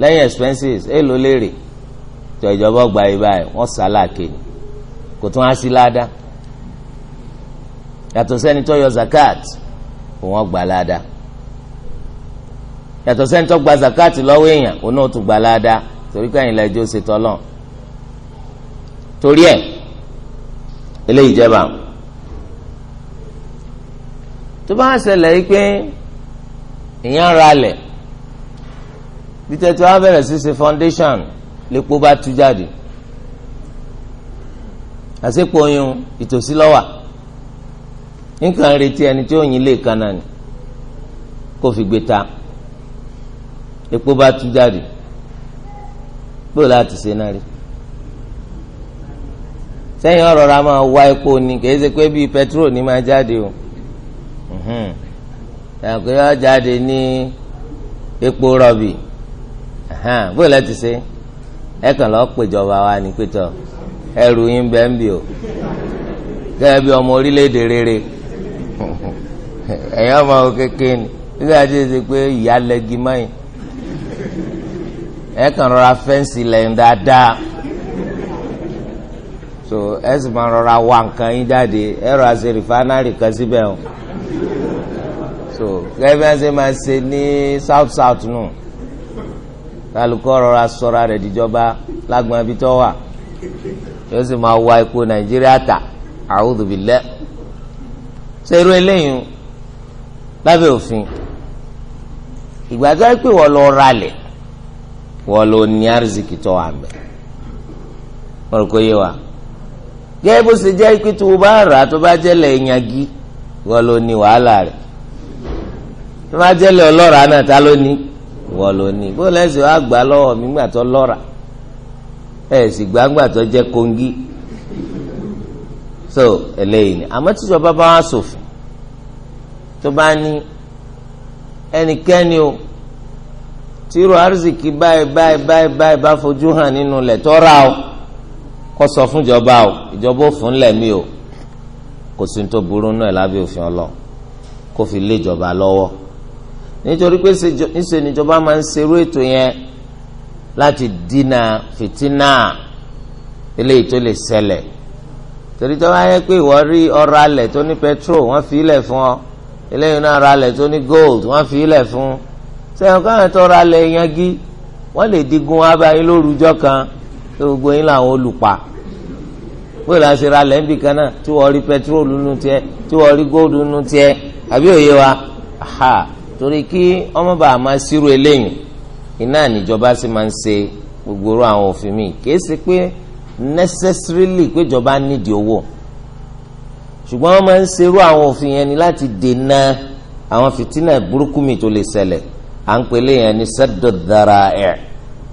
lẹ́yìn expenses èlò léèrè tó ìjọba gba ibà ẹ̀ wọ́n sálàkè ni kò tún á sí ládàá yàtọ̀ sẹ́ni tó yọ zakat òun ọgbà ládàá yàtọ̀ sẹ́ni tó gba zakat lọ́wọ́ èèyàn òun náà tún gbà ládàá torí pé àyìnlá ẹjọ́ ṣe tọ́lọ́n torí ẹ̀ eléyìí jẹba tó bá ṣẹlẹ̀ yìí pé ìyẹn ra lẹ̀ bí á bẹ̀rẹ̀ sí ṣe foundation lẹ́pọ̀ bá tú jáde àsèpò oyún ìtòsí lọ́wà nǹkan retí ẹni tí òyìn lè kan náà ni kó fi gbé ta epo bá tú jáde gbọ́dọ̀ láti ṣe náà rí sẹ́yìn ọ̀rọ̀ ra máa wá epo ni kì í ṣe pé pẹtrol ni máa jáde o ẹ̀kọ́ jáde ní epo rọ̀bì bó lẹ́ ti ṣe ẹ kàn lọ́ọ́ wa ní ẹrù yín bẹ́ẹ̀ o gẹ́gẹ́ bí ọmọ orílẹ̀-èdè rere ẹ̀yọ́ ọmọ kékeré ni nígbà tí ó ṣe pé ìyá lẹ́gi mọ́yìn ẹ kàn rọra so ẹ sì máa rọra wá nǹkan yín jáde ẹ̀rọ àti rìfánárì kan síbẹ̀ o so gẹ́gẹ́ bí wọ́n máa ṣe ní south south nù kálukọ́ rọra sọ́ra rẹ̀ díjọba lágbọ̀n ibi tó wà yóò sì máa wá epo nàìjíríà tà a'udhu billah ṣe irú eléyìí lábẹ́ òfin ìgbà tó ẹ pé wọ́n lọ ralẹ̀ wọ́n lọ ní àrísìkì tó wà mẹ́ wọ́n yé wa gẹ́gẹ́ bó ṣe jẹ́ pé tó o bá rà tó bá jẹ́lẹ̀ ìyànjú wọ́n ló ní wàhálà rẹ̀ tó bá jẹ́lẹ̀ ọlọ́ra náà ta ló ní wọ́n ló ní bó lẹ́sẹ̀ wá gbà lọ́wọ́ mi gbà tó lọ́ra ẹ̀ sì gbàgbà tó jẹ́ kóńgí so eléyìí ni àmọ́ tíjọba bá wá sòfin tó bá ní ẹnikẹ́ni o tírò arzikì báyìí báyìí báyìí báyìí bá fojú hàn nínú lẹ̀ tọ́ra o kó sọ fún ìjọba o ìjọba ò fún lẹ́mí o kò sí ní tó burú náà lábẹ́ òfin ọlọ kó fi lé ìjọba lọ́wọ́ nítorí pé níṣe níjọba máa ń ṣerú ètò yẹn láti dínà fìtínà eléyìí tó lè ṣẹlẹ̀ torí tó bá pé ìwọ rí ọrọ̀ alẹ̀ tó ní petrol wọ́n fi ilẹ̀ fún ọ eléyìí náà ọrọ̀ alẹ̀ tó ní gold wọ́n fi ilẹ̀ fún sẹ́yìn káwọn tó ọrọ̀ alẹ̀ yangi wọ́n lè digun abayín lórúkọ kan gbogbo yín làwọn olùpa bóyá la ṣe ra lẹ́ńbì kan náà tí wọ́n rí pẹtrólù nù tiẹ̀ tí wọ́n rí góòlù nù tiẹ̀ àbí òye wa ha torí kí ọmọ bàá máa ṣírò eléyìí iná níjọba sì máa ń ṣe gbogbo orú àwọn òfin mi kìí ṣe pé necessarily péjọba nídìí owó ṣùgbọ́n wọ́n máa ń ṣerú àwọn òfin yẹn ni láti dènà àwọn fìtínà burúkú mi tó lè ṣẹlẹ̀ à ń pèlè yẹn ní sẹ́dọ̀dára ẹ̀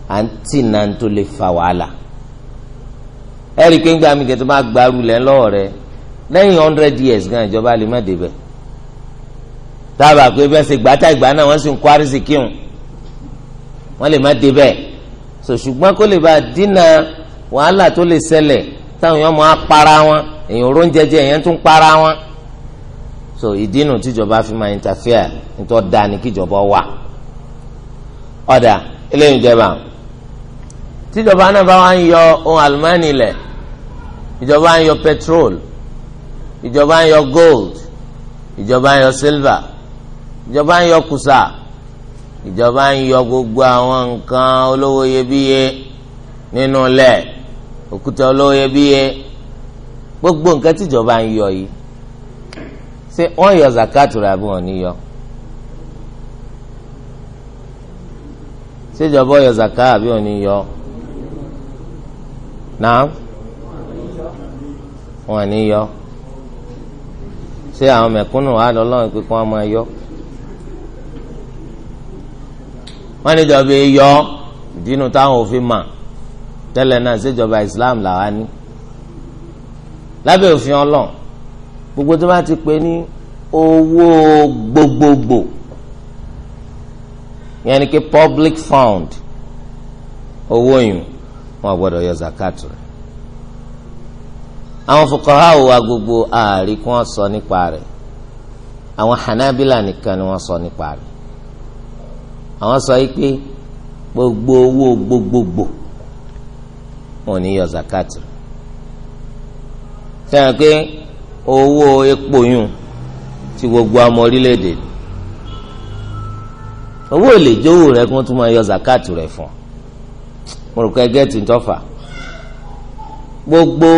à ń tì náà tó lè fa wàhálà ẹ rí i mi kẹ́ tó bá gbaru lẹ́ lọ́wọ́ rẹ lẹ́yìn hundred years gan ìjọba lè má débẹ̀ dábàá pé bẹ́ẹ̀ ṣe gbàtà ìgbà náà wọ́n sì ń kó àrísìkí hùn wọ́n lè má débẹ̀ so ṣùgbọ́n kó lè bá dínà wàhálà tó lè ṣẹlẹ̀ táwọn èèyàn máa para wọn èèyàn oró ń jẹjẹ èèyàn tún para wọn so ìdínà tíjọba fi máa interfere nítorí dáa ni kíjọba wà ọ̀dà eléyìí jẹba tíjọba náà bá wá ń yọ ohun àlùmọ́ọ́nì lẹ̀ ìjọba ń yọ petrol ìjọba ń yọ gold ìjọba ń yọ silver ìjọba ń yọ kùsà ìjọba ń yọ gbogbo àwọn nǹkan olówó iyebíye nínú lẹ̀ òkúta olówó iyebíye gbogbo nǹkan tíjọba ń yọ yìí ṣé wọ́n yọ zakat rẹ̀ àbí wọ́n ní yọ. ṣèjọba yọ zakat àbí wọ́n ní náà wọn ní yọ ṣé àwọn mẹ̀kúnnù wà lọ́lọ́run pé kí wọ́n máa yọ wọ́n níjọba yọ ìdínú táwọn òfin mà tẹ́lẹ̀ náà ṣèjọba Islam làwa ní lábẹ́ òfin ọlọ́run gbogbo tó bá ti pè ní owó gbogbogbò yẹn ni kí public fund owó yìí wọn gbọ́dọ̀ yọ zakat rẹ̀ àwọn fuqaha wa gbogbo ààrí kí wọ́n sọ nípa rẹ̀ àwọn hanabila nìkan ni wọ́n sọ nípa rẹ̀ àwọn sọ yìí pé gbogbo owó gbogbogbò wọn ò ní yọ zakat rẹ̀ fẹ́ràn pé owó epo yùn ti gbogbo ọmọ orílẹ̀-èdè owó èlé jówó kí wọ́n tún máa yọ zakat rẹ̀ fún un mo rò pé gẹ́ẹ̀tì ntọ́fà gbogbo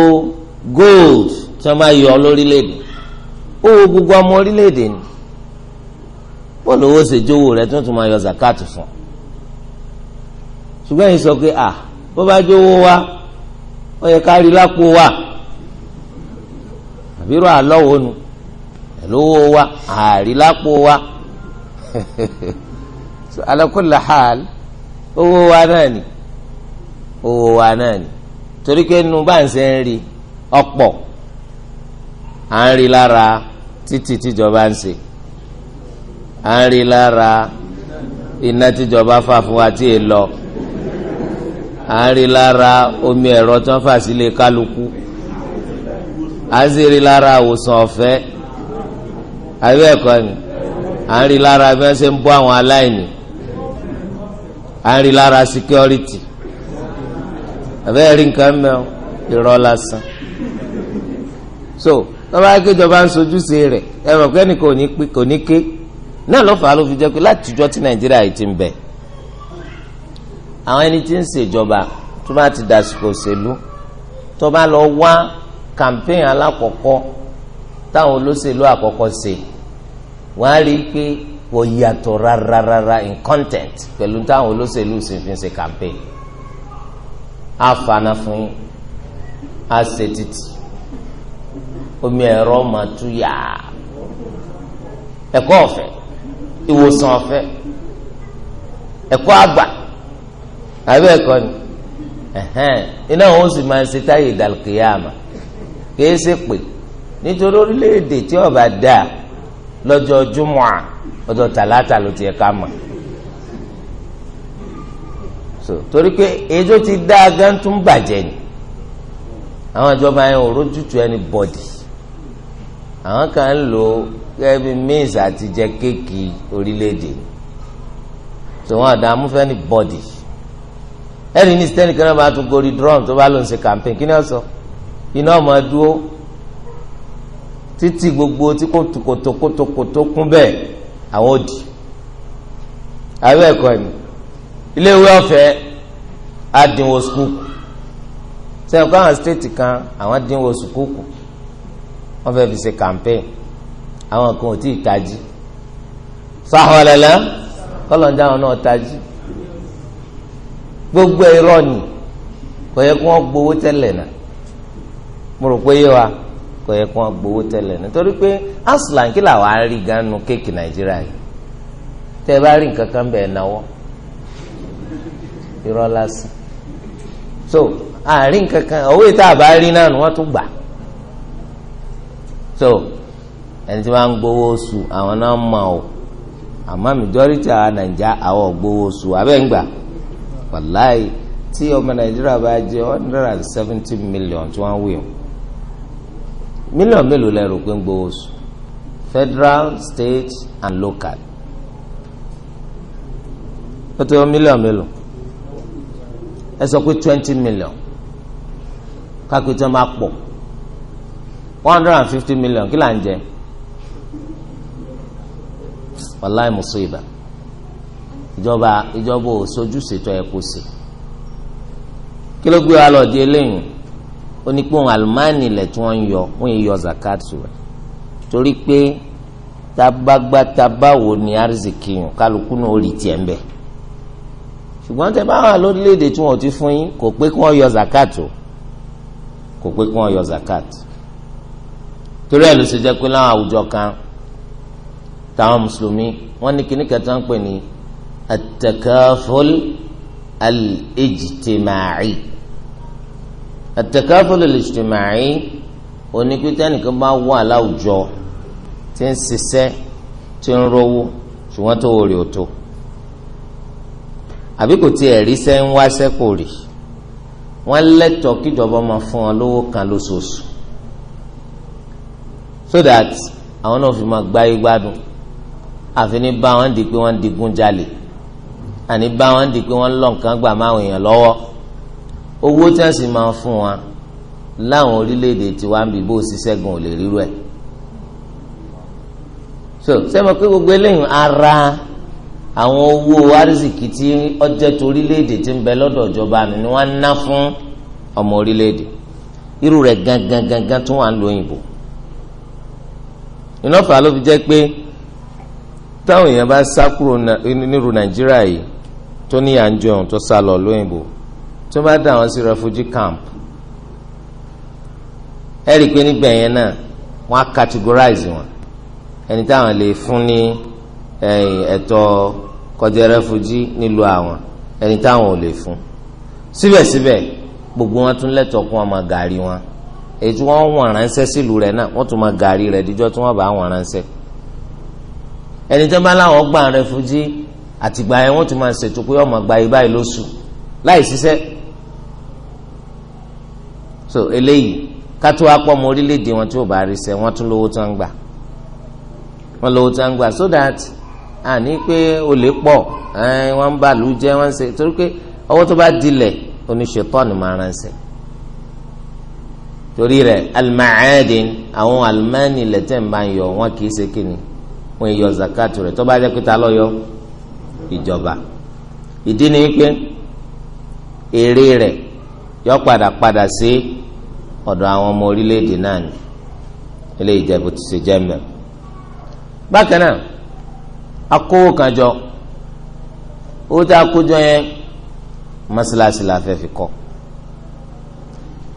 gold tí wọ́n máa yọ lórílẹ̀‐èdè owó gbogbo ọmọ orílẹ̀‐èdè ni wọ́n lówó ṣèjówó rẹ̀ tó tún máa yọ zakat fún ṣùgbọ́n yìí sọ pé à bó bá jówó wa ó yẹ ká rí lápò wa àbírò àlọ́wọ́ nu ẹ̀lówó wa àrí lápò wa [LAUGHS] ala kulli owó wa náà ni owó wa náà ni torí pé nu bá ń ṣe ń rí ọ̀pọ̀ à ń rí lára títì tíjọba ń ṣe à ń rí lára iná tíjọba fà fún wa tí è lọ à ń rí lára omi ẹ̀rọ tí fà sílé kálukú à ń sì rí lára àwòsàn ọ̀fẹ́ àbí ẹ̀kọ́ ni à ń rí lára bí wọ́n ṣe ń bọ́ àwọn aláìní à ń rí lára security àbẹ́ rí nǹkan mẹ́ o irọ́ lásán so tọ́ba akéjọba ń sojúṣe rẹ̀ ẹ mọ̀ pé ẹnìkan kò ní ké náà lọ́fàá ló fi jẹ́ pé látijọ́ tí nàìjíríà yìí ti ń bẹ̀ àwọn ẹni tí ń ṣèjọba tó bá ti dàsìkò òṣèlú tó bá lọ wá kàmpẹ́ìn alákọ̀ọ́kọ́ táwọn olóṣèlú àkọ́kọ́ ṣe wọ́n á rí i pé kò yàtọ̀ rárá in content pẹ̀lú táwọn olóṣèlú sì fi ń ṣe kàmpẹ́ìn Afana fana fún yín á ṣe títì omi ẹ̀rọ máa tú yàá ẹ̀kọ́ ọ̀fẹ́ ìwòsàn ọ̀fẹ́ ẹ̀kọ́ àgbà àbí ẹ̀kọ́ ni iná òun sì máa ń ṣe táyé ìdàlùkìyàmà kìí ṣe pè nítorí orílẹ̀-èdè tí ọba dáa lọ́jọ́ júmọ́à ọjọ́ tàlátà ló ti ẹ̀ka mọ̀ so torí pé èjò ti dá agán tún bàjẹ́ ni àwọn ìjọba yẹn ò rójútu ẹni bọ́dì àwọn kan ń lo gẹ́gẹ́ bí àti jẹ kéèkì orílẹ̀-èdè so wọn àdá amúfẹ́ni bọ́dì ẹni ní sítẹ́nì kan náà bá tún gorí drum tó bá ló ń ṣe campaign kí ni ó sọ iná ọmọ dúró títí gbogbo tí kòtòkòtòkòtòkòtò kún bẹ́ẹ̀ àwọn òdì abẹ́ ẹ̀kọ́ ni iléèwé ọ̀fẹ́ adínwó sukuku sẹ́yìn kó àwọn stéètì kan àwọn adínwó sukuku wọ́n fẹ́ẹ́ fi ṣe campaign àwọn kan ò tí ì tají sàhọlẹlẹ náà gbogbo irọ́ ni kò yẹ kó wọ́n gbowó tẹ́lẹ̀ náà mo rò pé yé wa kò yẹ kó wọ́n gbowó tẹ́lẹ̀ náà torí pé aslan kí làwọn ganu kéèkì nàìjíríà yìí tẹ́ irọ́ lásán so àárín kankan owó ìta àbá rí náà ni wọ́n tún gbà so ẹni tí wọ́n á ń gbowó oṣù àwọn náà mọ̀ ọ́ àmọ́ majority àwọn nàìjà àwọn gbowó oṣù abẹ́ǹgbà wàláì tí ọmọ nàìjíríà bá jẹ one hundred and seventy million tí wọ́n wí o million, mélòó lẹ́rù pé ń gbowó oṣù federal state and local ó tó million, mélòó ẹ sọ pé twenty million kápẹ́ tí máa pọ̀ one hundred and fifty million kí là ń jẹ wàláì mùsíbà ìjọba ìjọba ò sojúṣe tó yẹ kó ṣe kí ló gbé wa lọ di eléyìí ó ní pé òun ilẹ̀ tí wọ́n ń yọ wọ́n yẹ yọ zakat rẹ̀ torí pé tabagbatabawo ni arzikiyun kálukú náà ó rí tiẹ̀ ń bẹ̀ ṣùgbọ́n tẹ bá wà lórílẹ̀‐èdè tí wọ́n ti fún yín kò pé kí wọ́n yọ zakat o kò pé kí wọ́n yọ zakat torí ẹ̀ ló ṣe jẹ́ pé láwọn àwùjọ kan táwọn mùsùlùmí wọ́n ní kíní kẹta ń pè ní at al-ijtima'i at al-ijtima'i onípítẹ́ nìkan bá wà láwùjọ tí ń ṣiṣẹ́ tí ń rówó ṣùgbọ́n tó wọlé òtó àbí kò tiẹ̀ ríṣẹ́ ń wáṣẹ́ kò rí wọ́n lẹ́tọ̀ọ́ kíjọba máa fún wọn lówó kan lóṣooṣù so that àwọn náà fi máa gbáyé gbádùn àfi ní bá wọn di pé wọn digun jalè àní bá wọn di pé wọn lọ nǹkan gbà máa wọ̀nyàn lọ́wọ́ owó tí wọ́n sì máa fún wọn láwọn orílẹ̀-èdè tiwa ń bí bó ṣiṣẹ́ gan ò lè rírú ẹ̀ so sẹ́mi pé gbogbo eléyìí ara àwọn owó arísìkì tí ọjọ́ tó orílẹ̀-èdè ti ń bẹ lọ́dọ̀ ìjọba mi ni wọ́n á ná fún ọmọ orílẹ̀-èdè irú rẹ̀ gangan gangan tún wà ń lo òyìnbó iná fà á ló fi jẹ́ pé táwọn èèyàn bá sá kúrò nírú nàìjíríà yìí tó ní yànjọ ohun tó sá lọ lóyìnbó tó bá dà wọ́n sí refugee camp ẹ rí i pé nígbà yẹn náà wọ́n á categorize wọn ẹni táwọn lè fún ní ẹ̀tọ́ kọjá rẹfújí nílùú àwọn ẹni táwọn ò lè fún síbẹ̀síbẹ̀ gbogbo wọn tún lẹ́tọ̀ọ́ kún ọmọ gàrí wọn èyí tí wọ́n wọ̀n ránṣẹ́ sílùú rẹ̀ náà wọ́n tún máa gàrí rẹ̀ díjọ́ tí wọ́n bá wọ̀n ránṣẹ́ ẹni tó bá láwọn gbà rẹfújí àtìgbà yẹn wọ́n tún máa ṣètò pé ọmọ gba ibà yìí lóṣù láì ṣiṣẹ́ so eléyìí kátó apọ́mọ orílẹ̀-èdè wọn tí ò bá rí sẹ́ wọ́n tún lówó tó gbà wọ́n lówó tó gbà so that àní pé olè pọ̀ wọ́n ń bàlú jẹ́ wọ́n ń ṣe torí pé ọwọ́ tó bá dilẹ̀ oníṣetọ́ọ̀nù máa ránṣẹ́ torí rẹ̀ alimaadin àwọn alimani lẹ́tẹ̀ ń bá ń yọ wọn kì í ṣe kíni wọn yọ zakat rẹ̀ tó bá jẹ́ pé ta ló yọ ìjọba ìdí ni pé èrè rẹ̀ yọ padà padà sí ọ̀dọ̀ àwọn ọmọ orílẹ̀ náà ni ilé ìjẹ́bù ti ṣe jẹ́ mẹ́rin bákan náà akówó kan jọ owó tá a kó jọ yẹn mọ́sálásí la fẹ́ fi kọ́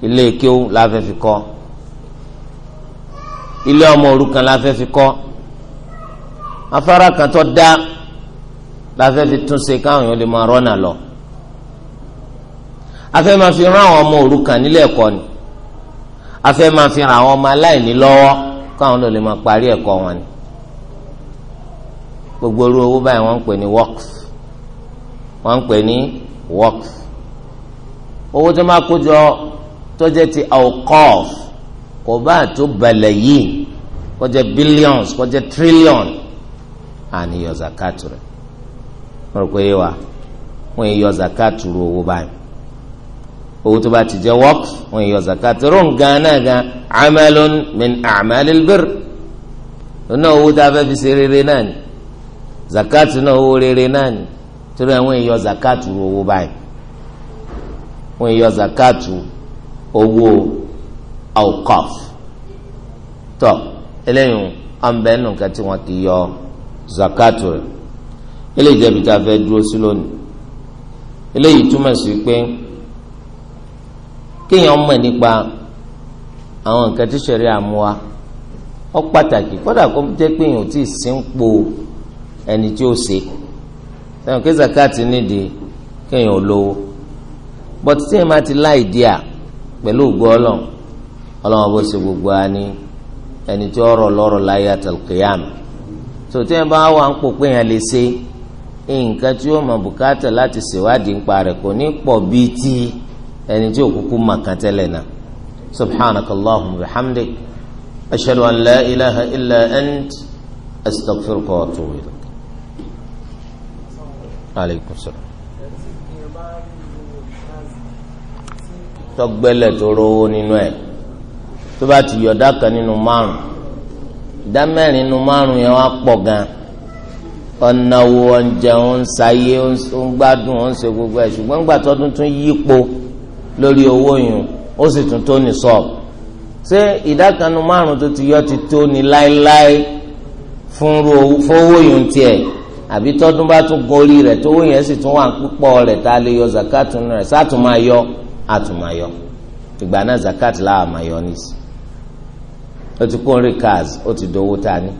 ilé kéwú la fẹ́ fi kọ́ ilé ọmọ òrukàn la fẹ́ fi kọ́ afárá kan tó dá la fẹ́ fi tún káwọn yóò lè máa rọ́nà lọ afẹ́ máa fi rán àwọn ọmọ òrukàn nílé ẹ̀kọ́ ni afẹ́ máa fi ràn àwọn ọmọ aláìní lọ́wọ́ káwọn lè máa parí ẹ̀kọ́ wọn ni gbogbo orú owó báyìí wọ́n ń pè ní waqf wọ́n ń pè ní waqf owó tó máa kó jọ tó jẹ́ ti awqaf kò bá tó balẹ̀ yìí kó jẹ́ billions kó jẹ́ trillion àníyọ zakatu rẹ̀ wọ́n rò pé yé wa wọ́n yọ zakatu ru owó báyìí owó tó bá ti jẹ́ waqf wọ́n yọ zakatu rún ganan gan amalun min amalil bir lónà owó tó a fẹ́ fi ṣe rere náà ni. Zakat náà owó rere náà ni torí ẹ wọ́n yọ zakati owó báyìí wọ́n yọ zakati owó alqaf tọ eléyìí ọmọbẹ nù nǹkan tí wọ́n kì í yọ zakati rẹ̀ eléyìí jẹ̀bi tá a fẹ́ dúró sí lónìí eléyìí túmọ̀ sí pé kéèyàn mọ̀ nípa àwọn nǹkan tí sẹ̀rí àmúwa ó pàtàkì kódà kó jẹ́ pé èèyàn ò tí ì sínpò ẹni tí ó ṣe sẹ́wọ̀n kí zakati nídìí kéèyàn ò lówó bọ́tí tí èèyàn máa ti láì di à pẹ̀lú ògbó ọlọ́run ọlọ́run bó ṣe gbogbo wa ní ẹni tí ọrọ̀ lọ́rọ̀ láyé àtàlùkìyàm tó tí èèyàn bá wà ń pò pé èèyàn lè ṣe nǹkan tí ó mọ̀ bùkátà láti ṣèwádìí nípa rẹ̀ kò ní pọ̀ bíi ti ẹni tí òkúkú mà kàn tẹ́lẹ̀ náà subhanakallahumma bihamdik ashhadu an la ilaha illa ant astaghfiruka wa atubu ilayk aleykum salaam. tọgbẹlẹ tó rówó nínú ẹ tó bá ti yọ̀dá kan nínú márùn ìdá mẹ́rin nínú márùn yẹn wá pọ̀ gan ọ̀nàwó ọ̀njẹ ń sáyé ń gbádùn ń ṣe gbogbo ẹ̀ ṣùgbọ́n gbà tọdún tún yípo lórí owó yìí ó sì tún tó ní sọ́ọ̀bù ṣé ìdá kan nínú márùn tó ti yọ ti tó ní láéláé fún owó yìí tiẹ̀ àbí tọdún bá tún gun orí rẹ̀ tówó yẹn sì tún wà púpọ̀ rẹ̀ tá a lè yọ zakat nù rẹ̀ sátún máa yọ àtún máa yọ ìgbà náà zakat láà máa yọ nísì ó ti kó orí cars ó ti dowó ta ni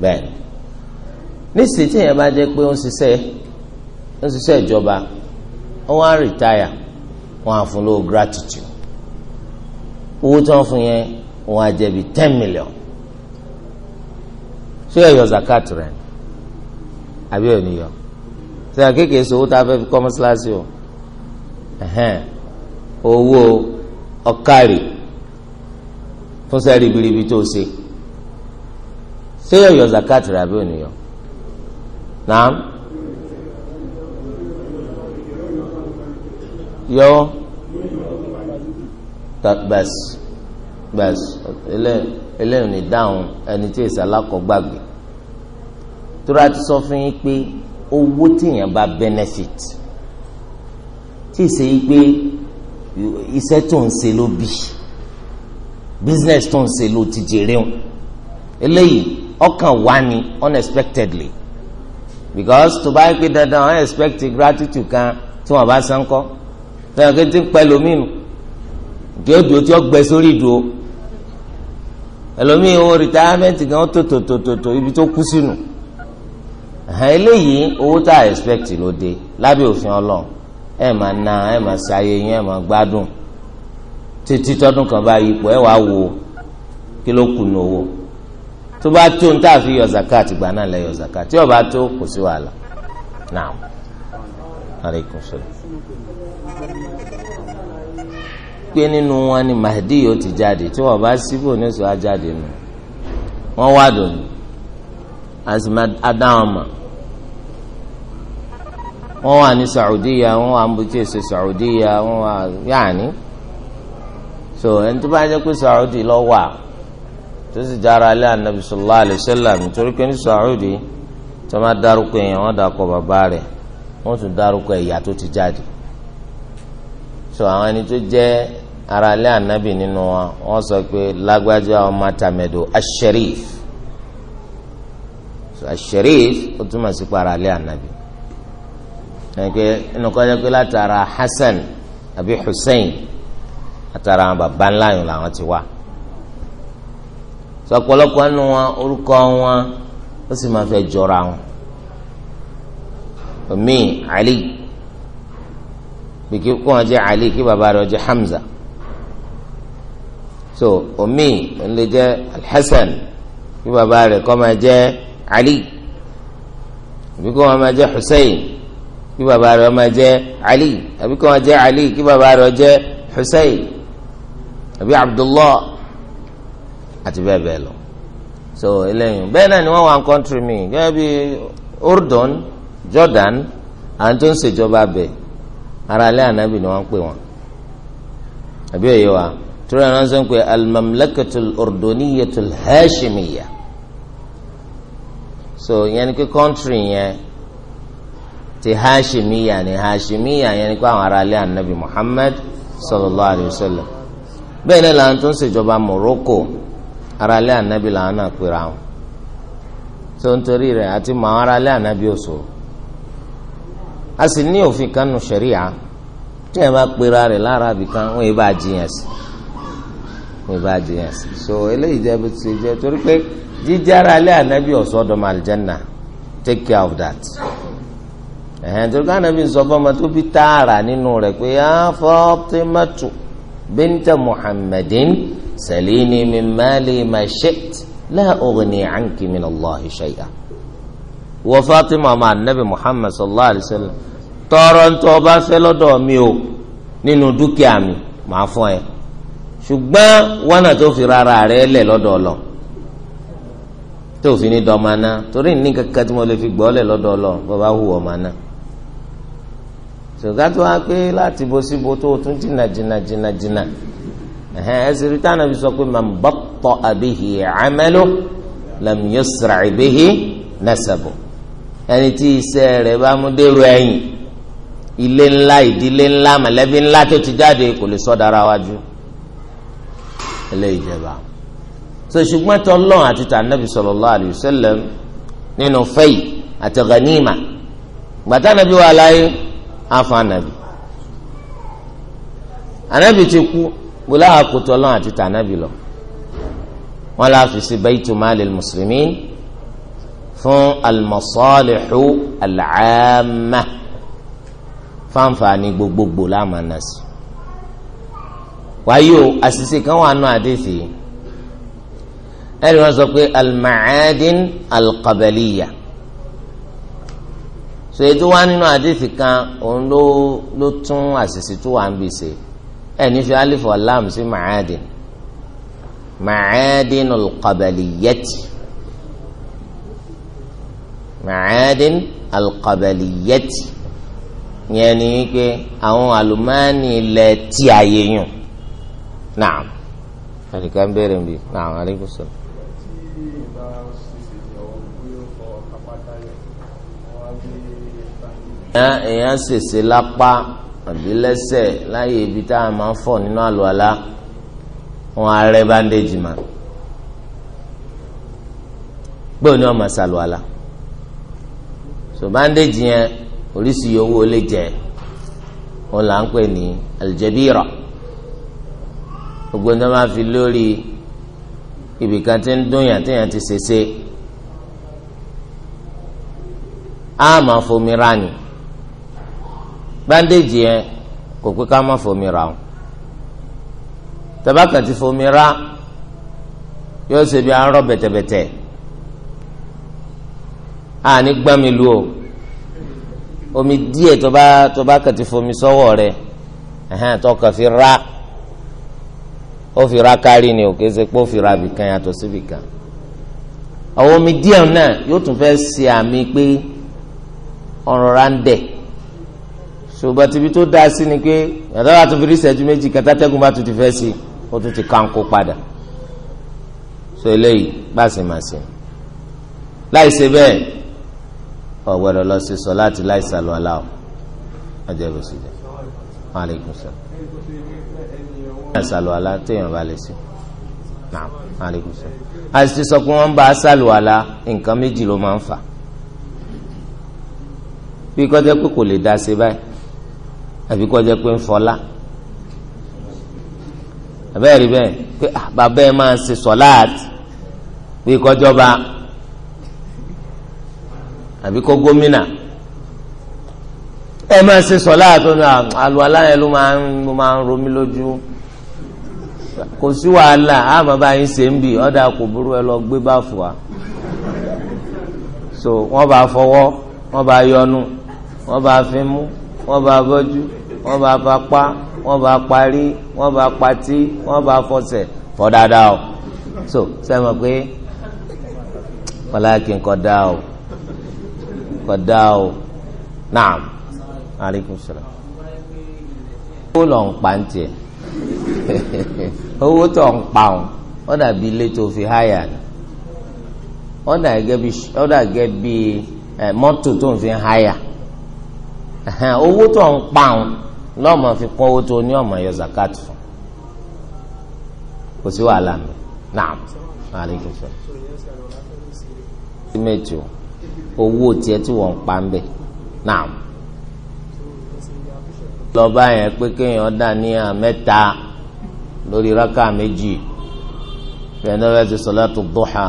bẹ́ẹ̀ nísìsiyìí tí èèyàn bá jẹ́ pé ó ń ṣiṣẹ́ ó ń ṣiṣẹ́ ìjọba ó wá rìtáyà wọ́n á fún lówó gratitude owó tí wọ́n fún yẹn wọ́n á jẹ́ bíi ten million ṣé ẹ yọ zakat rẹ̀ ni àbí ò níyọ sẹ́yìn kékeré sọ owó tá a fẹ́ fi kọ́ mọ́ṣáláṣí o owó ọ̀kárì fún sẹ́yìn ribiribi tó ṣe sẹ́yìn ọ̀yọ́ zakat rẹ̀ àbí ò níyọ naam yọ bẹ́ẹ̀ bẹ́ẹ̀ eléyìí ní dáhùn ẹni tí èsì alákọ̀ọ́ gbàgbé tóra ti sọ fún yín pé owó tíyàn bá benefit tí ì ṣe yí pé iṣẹ́ tó ń ṣe ló bí business tó ń ṣe ló ti jèrè wọn eléyìí ọkàn wá ni unexpectedly because tó bá yẹ pé dandan unexpected gratitude kan tí wọn bá san kọ tẹ̀wọ̀n kí n ti pẹ́ lómìn kí ó dùn tí ó gbẹ sórí ìdúró ẹlòmíì wọn retirement gan tó tòtòtòtò ibi tó kú sínú hàn eléyìí owó tá a expect ló dé lábẹ́ òfin ọlọ́run ẹ máa na ẹ máa ṣayé yín ẹ máa gbádùn títí tọdún kan bá yípo ẹ wàá wo kí ló kù owó tó bá tó ń tà yọ zakat ìgbà náà lẹ yọ zakat tí ó bá tó kò sí wàhálà náà aleykum salaam pé nínú wọn ni Mahdi yóò ti jáde tí wọn bá síbò ní oṣù ajáde nù wọn wá dùn ní àti adáwọn mọ. wọ́n wà ní Saudiya wọ́n wà mbùtí èsè Saudiya wà yáàní so ẹni tó bá Saudi lọ wà tó sì alẹ́ anabi sallallahu alayhi wa nítorí pé ní Saudi tó máa dárúkọ èèyàn wọ́n dàkọ bàbá rẹ̀ wọ́n tún dárúkọ ẹ̀yà tó ti jáde so àwọn ẹni tó jẹ́ ara alẹ́ anabi nínú wọn wọn sọ pé lágbájá ọmọ asherif asherif ó túmọ̀ sí anabi. ẹnìkẹ́ inú kọjá pé látara Hasan àbí Hussein látara àwọn baba ńlá yòó làwọn ti wá sọpọlọpọ nínú wọn orúkọ wọn ó sì máa fẹ́ jọra wọn omi Ali kí wọn jẹ Ali kí baba rẹ̀ jẹ Hamza so omi ń jẹ Alhassan kí baba rẹ̀ kọ́ máa jẹ Ali àbí kó máa Hussein kí bàbá rẹ̀ máa jẹ́ ali àbí kí wọ́n jẹ́ ali kí bàbá rẹ̀ jẹ́ hussein àbí abdullah àti bẹ́ẹ̀ bẹ́ẹ̀ lọ so eléyìí bẹ́ẹ̀ náà ni wọ́n wà ń kọ́ńtírì mi gẹ́gẹ́ bí urdun jordan àwọn tó ń ṣèjọba bẹ̀ ara ilé ànábì ni wọ́n ń pè wọ́n àbí òye wa torí àwọn ọ̀sán ń almamlakatul urduniyatul hashimiya so ìyẹn ni pé kọ́ńtírì yẹn ti hashimiya ni hashimiya yẹn ni kó àwọn ará ilé anabi muhammad sallallahu alayhi wa sallam bẹ́ẹ̀ ni làwọn tó ń ṣèjọba morocco ará ilé anabi làwọn náà pera wọn tó ń torí rẹ̀ àti mọ àwọn ará ilé anabi ò sòrò a sì ní òfin kan nu tí ẹ bá pera rẹ̀ lára ibìkan wọn yìí bá jiyàn sí wọn yìí bá jiyàn sí so eléyìí jẹ́ bó ti jẹ́ torí pé jíjẹ́ ará ilé anabi ọ̀sọ́ dọ́mọ aljanna take care of that ẹ̀hẹ́n torí ká nàbí sọ fún ọmọ tó bí tààrà nínú rẹ̀ pé ya Fatimatu binta Muhammadin salini min mali ma shi'ti la ughni anki min Allahi shay'a wọ Fatima ọmọ anabi Muhammad sallallahu alayhi wa sallam tọrọ ntọ́ ọba fẹ́ lọ́dọ̀ mi o nínú dúkìá mi màá fún ẹ ṣùgbọ́n wọnà tó fi rárá rẹ̀ lẹ̀ lọ́dọ̀ ọlọ́ọ̀ tó fi ní dọ́mọ aná torí ní kankan mo lè fi gbọ́ lẹ̀ lọ́dọ̀ ọlọ́run bàbá hùwà ọmọ aná ṣùgbọ́n tó wá pé láti bo síbo tó o tún jìnnà jìnnà jìnnà jìnnà ẹsẹ̀ rí táwọn àbí sọ pé màá bọ́ tọ́ àbíhì amẹ́lò làmì yóò sàrà àbíhì nàṣàbò ẹni tí iṣẹ́ rẹ̀ bá mú dérò ẹ̀yìn ilé ńlá ìdílé ńlá mọ̀lẹ́bí ńlá tó ti jáde kò lè sọ dára wájú ilé ìjẹba so ṣùgbọ́n tọ́lọ́ àti tànàbì sallallahu alayhi wa nínú fẹ́yì àti ghanima gbàtà wà láyé afa anabi anabi ti kú bùlá àkótó ọlọ́run àti tànàbì lọ wọn la fi sí baitu malil muslimin fún almasalihu al'amma fanfani gbogbogbò láàmà náà sí wáyé o àṣìṣe kan wà nù àdéhìí ẹni wọn sọ pé almaadin alqabaliya. Al so ètò wa nínú àdìsí kan òun ló ló tún àṣìṣe tó wà ń bì ṣe ẹ ní fi alif ọlám sí màádìn màádìn alqabaliyati màádìn alqabaliyati yẹn ni wípé àwọn àlùmáàní ilẹ̀ tí a yẹ yùn náà ẹnìkan bẹ̀rẹ̀ bí náà aleykum salaam. èèyàn ṣèṣe lápá àbí lẹ́sẹ̀ láyé ibi tá a máa ń fọ̀ nínú àlùwàlá wọn á rẹ bandage mà gbọ́dọ̀ ni wọ́n máa ṣàlùwàlá so bandage yẹn oríṣi owó lè jẹ wọn là ń pè ní aljabira gbogbo ní wọ́n máa fi lórí ibìkan tí ń dún tí yàn ti ṣèṣe á máa fomi rání bandage yẹn kò pé ká má fomi ra o tabaka ti fomi ra yóò ṣe bí arọ bẹ̀tẹ̀bẹ̀tẹ̀ àní gbàmí lu o omi díẹ̀ tó bá tó bá kàn ti fomi sọ́wọ́ rẹ̀ ẹ̀hán tó kàn fi ra ó fi ra kárí ni òkè ṣe pé ó fi ra bìkan yàtọ̀ sí bìkan àwọn omi díẹ̀ náà yóò tún fẹ́ ṣe àmì pé ọ̀rọ̀ ra ń dẹ̀ ṣùgbọ́n tìbí tó dá sí ni pé yàtọ̀ wà tó fi rí ìṣẹ́jú méjì kẹta tẹ́gùn bá tún ti fẹ́ sí ó tún ti kanko padà so eléyìí bá sì máa ṣe láì ṣe bẹ́ẹ̀ ọ̀gbọ́dọ̀ lọ sí sọ láti láì sàlọ́ aláwọ̀ ọjọ́ sí jẹ́ maaleykum sọ láì sàlọ́ alá téèyàn bá lè ṣe maaleykum sọ àti sọ pé wọ́n ń bá a alá nǹkan méjì ló máa ń fà bí kọ́jọ́ pé kò lè dá ṣe báyìí àbí kọ́ jẹ́ pé ń fọlá àbẹ́ẹ̀ rí bẹ́ẹ̀ pé ah, bàbá ẹ máa ṣe sọ̀láàt pé kọjọba àbí kọ́ gómìnà ẹ máa ṣe sọ̀láàt ọ̀nà ah, àlùwalá yẹn ló máa ń ló máa ń romi lójú kò sí wàhálà á máa bá yín ṣe ń bì ọ̀dà kò burú ẹ lọ gbé bá fò so wọ́n bá fọwọ́ wọ́n bá yọnu wọ́n bá fi mú wọ́n bá bọ́jú wọ́n bá fapá wọ́n bá parí wọ́n bá patí wọ́n bá fọsẹ̀ fọ́ dáadáa o so sẹ́mi pé wàlákin kọ̀dá o kọ̀dá o naam aleykum salaam. owó lọ ń pa ń tiẹ̀ [LAUGHS] owó tó ń pa ọ́n ó dàbí ilé tó fi háyà ni ó dàgẹ́ bí mọ́tò tó ń fi háyà owó tó ń pa òun lọ́mọ fi kún owó tó ní ọmọ yọ zakat fún kò sí wàhálà mi naam aleykum salaam estimate o owó tiẹ̀ tí wọ́n ń pa ń bẹ̀ naam lọ́ba yẹn pé kéèyàn dà ní àmẹ́ta lórí rákà méjì fẹ́ẹ́nà bẹ́ẹ̀ ti sọ̀látù duha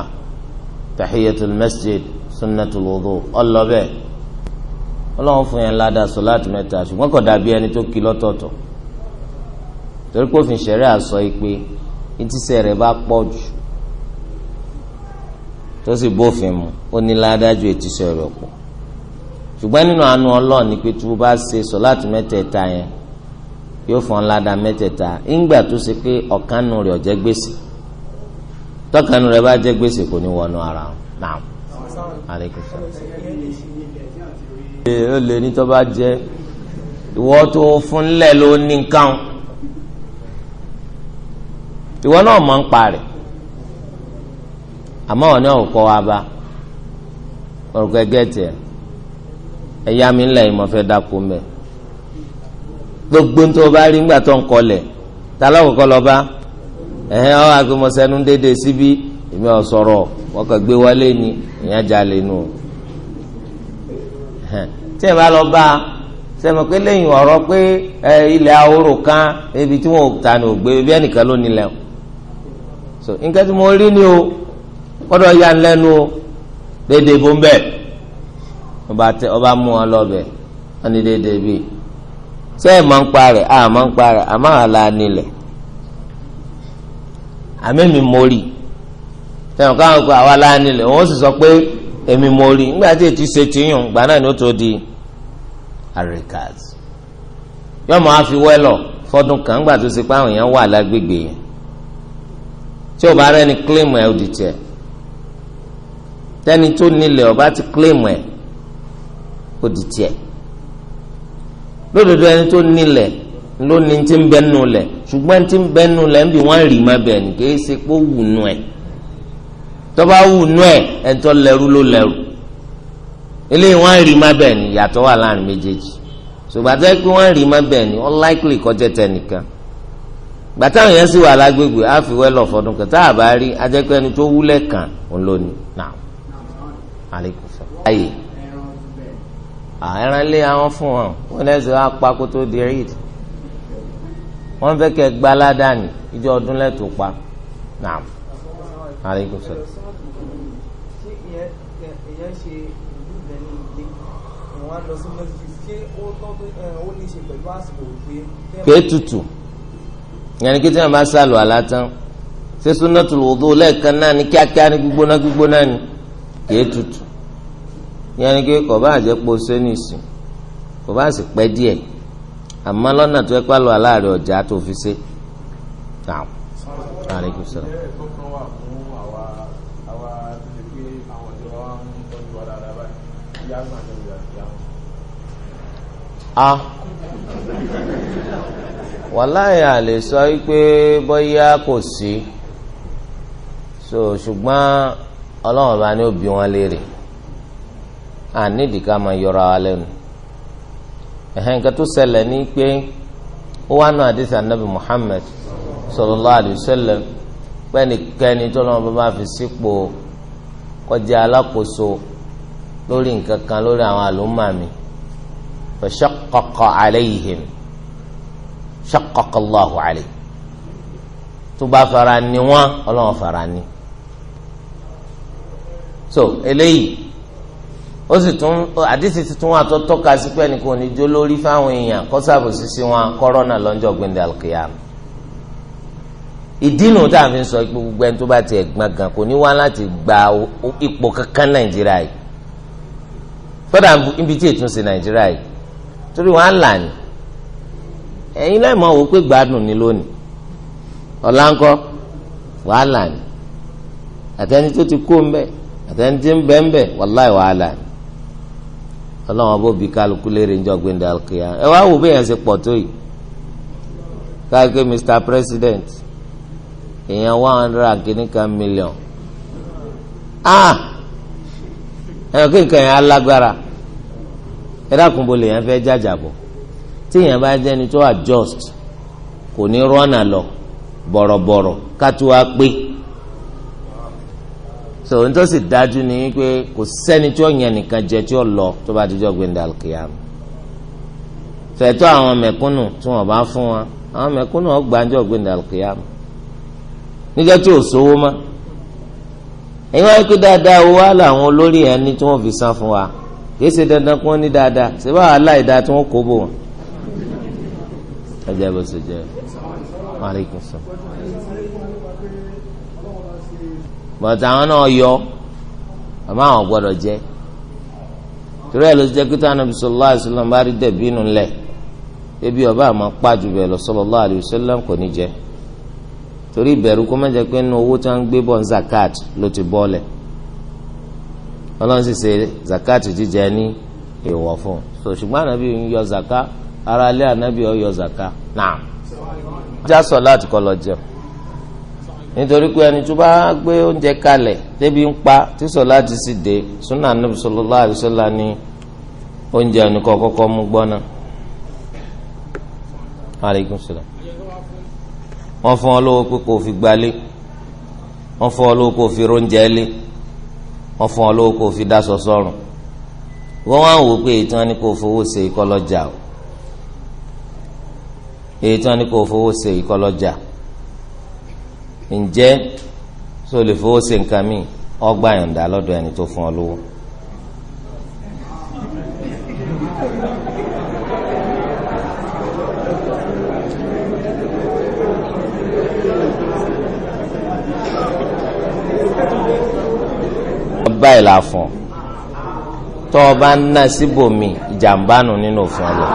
tahiyatul masjid sunnatul wudu ọlọ́bẹ̀ẹ́. ọlọ́run fún yẹn ládàá sọláàtì mẹ́ta ṣùgbọ́n kò dàbí ẹni tó kí lọ́tọ̀ọ̀tọ̀ torí pé òfin ṣẹ̀rẹ́ àsọ ìpè ìtísẹ̀ rẹ̀ bá pọ̀ jù tó sì bófin mu ó ní ju rẹ̀ pọ̀ ṣùgbọ́n nínú àánú ọlọ́run ni pé tí o bá ṣe sọláàtì mẹ́tẹ̀ẹ̀ta yẹn ọ mẹ́tẹ̀ẹ̀ta tó ṣe pé ọ̀kánu rẹ̀ ọ̀jẹ́ gbèsè ara ó lè ní tó je jẹ ìwọ tó fúnlẹ̀ ló ní nǹkan ìwọ náà mọ̀ ń pa rẹ̀ àmọ́ ọ̀nà òkọ́ wa bá orúkọ ẹgẹ́ tiẹ̀ ẹ̀yà mi ńlẹ̀ yìí mo fẹ́ dákú mẹ́ gbogbo tó o bá rí ńgbà tó ń kọlẹ̀ ta lọ́kọ̀ọ́kọ́ ni ìyẹn tí ẹ bá lọ bá sẹmọ pé lẹ́yìn ọ̀rọ̀ pé ilẹ̀ ahoro kan ibi tí wọn ò ta ni ò gbé bí ẹnìkan ló nílẹ̀ o so nǹkan tí mo rí ni o kọdọ ya ń lẹ́nu o dédé bó ń bẹ̀ ọba tẹ ọba mú wọn lọ wọn ni ẹ máa ń pa a máa ń pa àmì mi mórí káwọn kọ àwa sì sọ pé èmi mo rí nígbà tí ètí ṣe tìyàn gbà náà ni ó tó di àríkàs yóò máa fi wẹ́lọ̀ fọdún kan gbà tó ṣe pé àwọn èèyàn wà lágbègbè yẹn tí ò bá rẹ́ni kílèmù ẹ̀ òdì tiẹ̀ tẹ́ni tó nílẹ̀ ọba ti kílèmù ẹ̀ òdì tiẹ̀ lódodo ẹni tó nílẹ̀ ló ní ti ń bẹ́nu lẹ̀ ṣùgbọ́n ti ń bẹ́nu lẹ̀ ń bí wọ́n rì má bẹ̀ ní kí ẹ ṣe pé ó wù nù ẹ̀ tọ́ba wù nú ẹ̀ ẹ̀ńtọ́ lẹ́rú ló lẹ́rú eléyìí wọ́n rí má bẹ́ẹ̀ ni yàtọ̀ wà láàrin méjèèjì ṣùgbọ́n àti pé wọ́n rí má bẹ́ẹ̀ ni unlikely kọjá tẹnìkan gbàtà àwọn yẹn sì wà lágbègbè àfiwẹ́ lọ fọdún kan tá a bá rí ajẹ́pẹ́ ẹni tó wúlẹ̀ kàn ń lónìí náà aleykum sọ. ayé ẹran lé àwọn fún wọn wọn lẹ́sẹ̀ wá pa kó tó di eid wọ́n fẹ́ kẹ́ gbaládàá ní ìjọ ọdún lẹ́tọ̀ọ́ pa náà aleykum sọ ṣe ìlú ìgbẹ́ ní ilé wọ́n á lọ sí mẹ́sìkì ṣé ó tọ́ pé ó ní ṣe pẹ̀lú àsìkò òpin. pé tutù yẹnni kí tí wọn bá sàlù àlátán ṣé sunnatul wudu lẹ́ẹ̀kan náà ní kíákíá ní gbígbóná gbígbóná ni kì í tutù yẹnni kí kò bá àjẹpọ̀ sẹ́nìsì kò bá sì pẹ́ díẹ̀ àmọ́ lọ́nà tó ẹ pálọ̀ aláàrẹ̀ ọ̀já tó fi ṣe. Alaikum salaam. a ah. wàláyé a lè sọ wípé bóyá kò sí so ṣùgbọ́n ọlọ́run bá ní ó bi wọn léèrè a nídìí ká máa yọra wa lẹ́nu ẹ̀hẹ́n nǹkan tó ṣẹlẹ̀ ní pé ó wá náà àdìsí anabi Muhammad sallallahu alaihi wasallam pẹ́ẹ́nì tó lọ́wọ́ bá fi sípò kọjá alákòóso lórí nǹkan kan lórí àwọn àlùmọ́ mi fa shaqqa alayhim shaqqa Allahu alayhi tó bá fara ni wọ́n ọlọ́run fara ni so eléyìí ó sì tún àdìsí tuntun wà tó tọ́ka sí pé ẹnì kan ní jó lórí fáwọn èèyàn kó ṣàbòsí sí wọn kọ́rọ́nà lọ́jọ́ gbẹ̀ndẹ̀ alqiyam ìdínú tá a fi ń sọ gbogbo ẹni tó bá tiẹ̀ gbọ̀ngàn kò ní wá láti gba ipò kankan nàìjíríà yìí kódà níbi tí ètúnṣe nàìjíríà yìí torí wọn là ní ẹ̀yin lẹ́mọ̀ wò pé gbádùn ni lónìí ti kó mbẹ àtẹni tí mbẹ wàláì wàhálà ni ọlọ́wọ́n bó bi kálukú léèrè níjọ́ gbẹ̀ndà kìá ẹ wá wò bẹ́ẹ̀ Mr. President èèyàn one ẹ̀rọ kí nǹkan yẹn alágbára ẹ̀rọ lè yẹn fẹ́ jájà tí yẹn bá jẹ́ ẹni tó adjust kò ní rọ́nà lọ bọ̀rọ̀bọ̀rọ̀ kátó pé so n tó sì dájú ni pé kò sẹ́ni tí ó yàn nìkan jẹ tí ó lọ tó bá dijọ́ gbẹ̀ndà kìyàm fẹ̀tọ́ àwọn mẹ̀kúnnù tí wọ́n bá fún wa àwọn mẹ̀kúnnù ọgbàjọ́ gbẹ̀ndà kìyàm níjọ́ tí ò sówó ẹ̀yin wáyé pé dáadáa owó wá làwọn olórí ẹni tí wọ́n fi san fún wa kì í ṣe dandan kí wọ́n ní dáadáa ṣé bá wàhálà ìdá tí wọ́n kó bò wọ́n. ẹ jẹ́ bó ṣe jẹ́ maaleykum sọ. bọ̀dà àwọn náà yọ àmọ́ àwọn gbọ́dọ̀ jẹ́ torí ẹ̀ ló jẹ́ pé táwọn bisalòlá àṣìlọ́n dẹ̀bínú lẹ̀ ebi ọba àmọ́ pàjù bẹ̀ lọ sallallahu alaihi wasallam kò ní jẹ́. torí ìbẹ̀rù kó má jẹ́ pé nínú owó tí wọ́n ń gbé bọ̀ zakat ló ti bọ́ọ̀lẹ̀ ọlọ́run sì ṣe zakat jíjẹ ní ìwọ̀ so ṣùgbọ́n ànábì ń yọ zaka ara ilé ànábì ọ̀ yọ zaka náà já sọ láti kọ́ lọ jẹun nítorí pé ẹni tó bá gbé oúnjẹ kalẹ̀ débi ń pa tí sọ láti sì dé súnà ní oúnjẹ wọ́n fún ọ lówó pé kò fi gbalé wọ́n fún ọ lówó kò fi róúnjẹ lé wọ́n fún ọ lówó kò fi dáṣọ sọ́rùn wọ́n wá wò pé èyí tí wọ́n kò fowó ṣe ìkọlọ́jà o èyí tí wọ́n kò fowó ṣe ìkọlọ́jà ǹjẹ́ sọ lè fowó ṣe nǹkan míì ọgbà yọ̀ǹda lọ́dọ̀ ẹni tó fún ọ lówó. báyìí la fún tọ́ ọ bá ń ná síbòmí ìjàmbá nù nínú òfin ọlọ.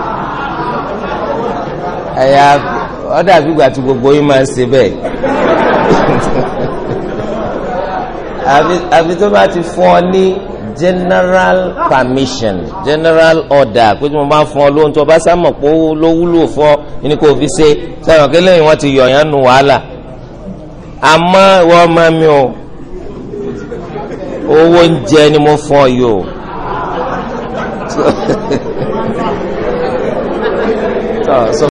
ẹ̀yà ọ̀dà àbígbà tí gbogbo yín máa ń ṣe bẹ́ẹ̀ [LAUGHS] àbí tó bá ti fún ọ ní general permission general order pé tí mo bá fún ọ lóhun tó bá sámọ̀ pé ló wúlò fún ọ ní kò fi ṣe sẹ́wọ̀n kí lẹ́yìn wọ́n ti yọ̀yàn nu wàhálà àmọ́ ìwọ ọmọ mi o owó oúnjẹ ni mo fún ọ [LAUGHS]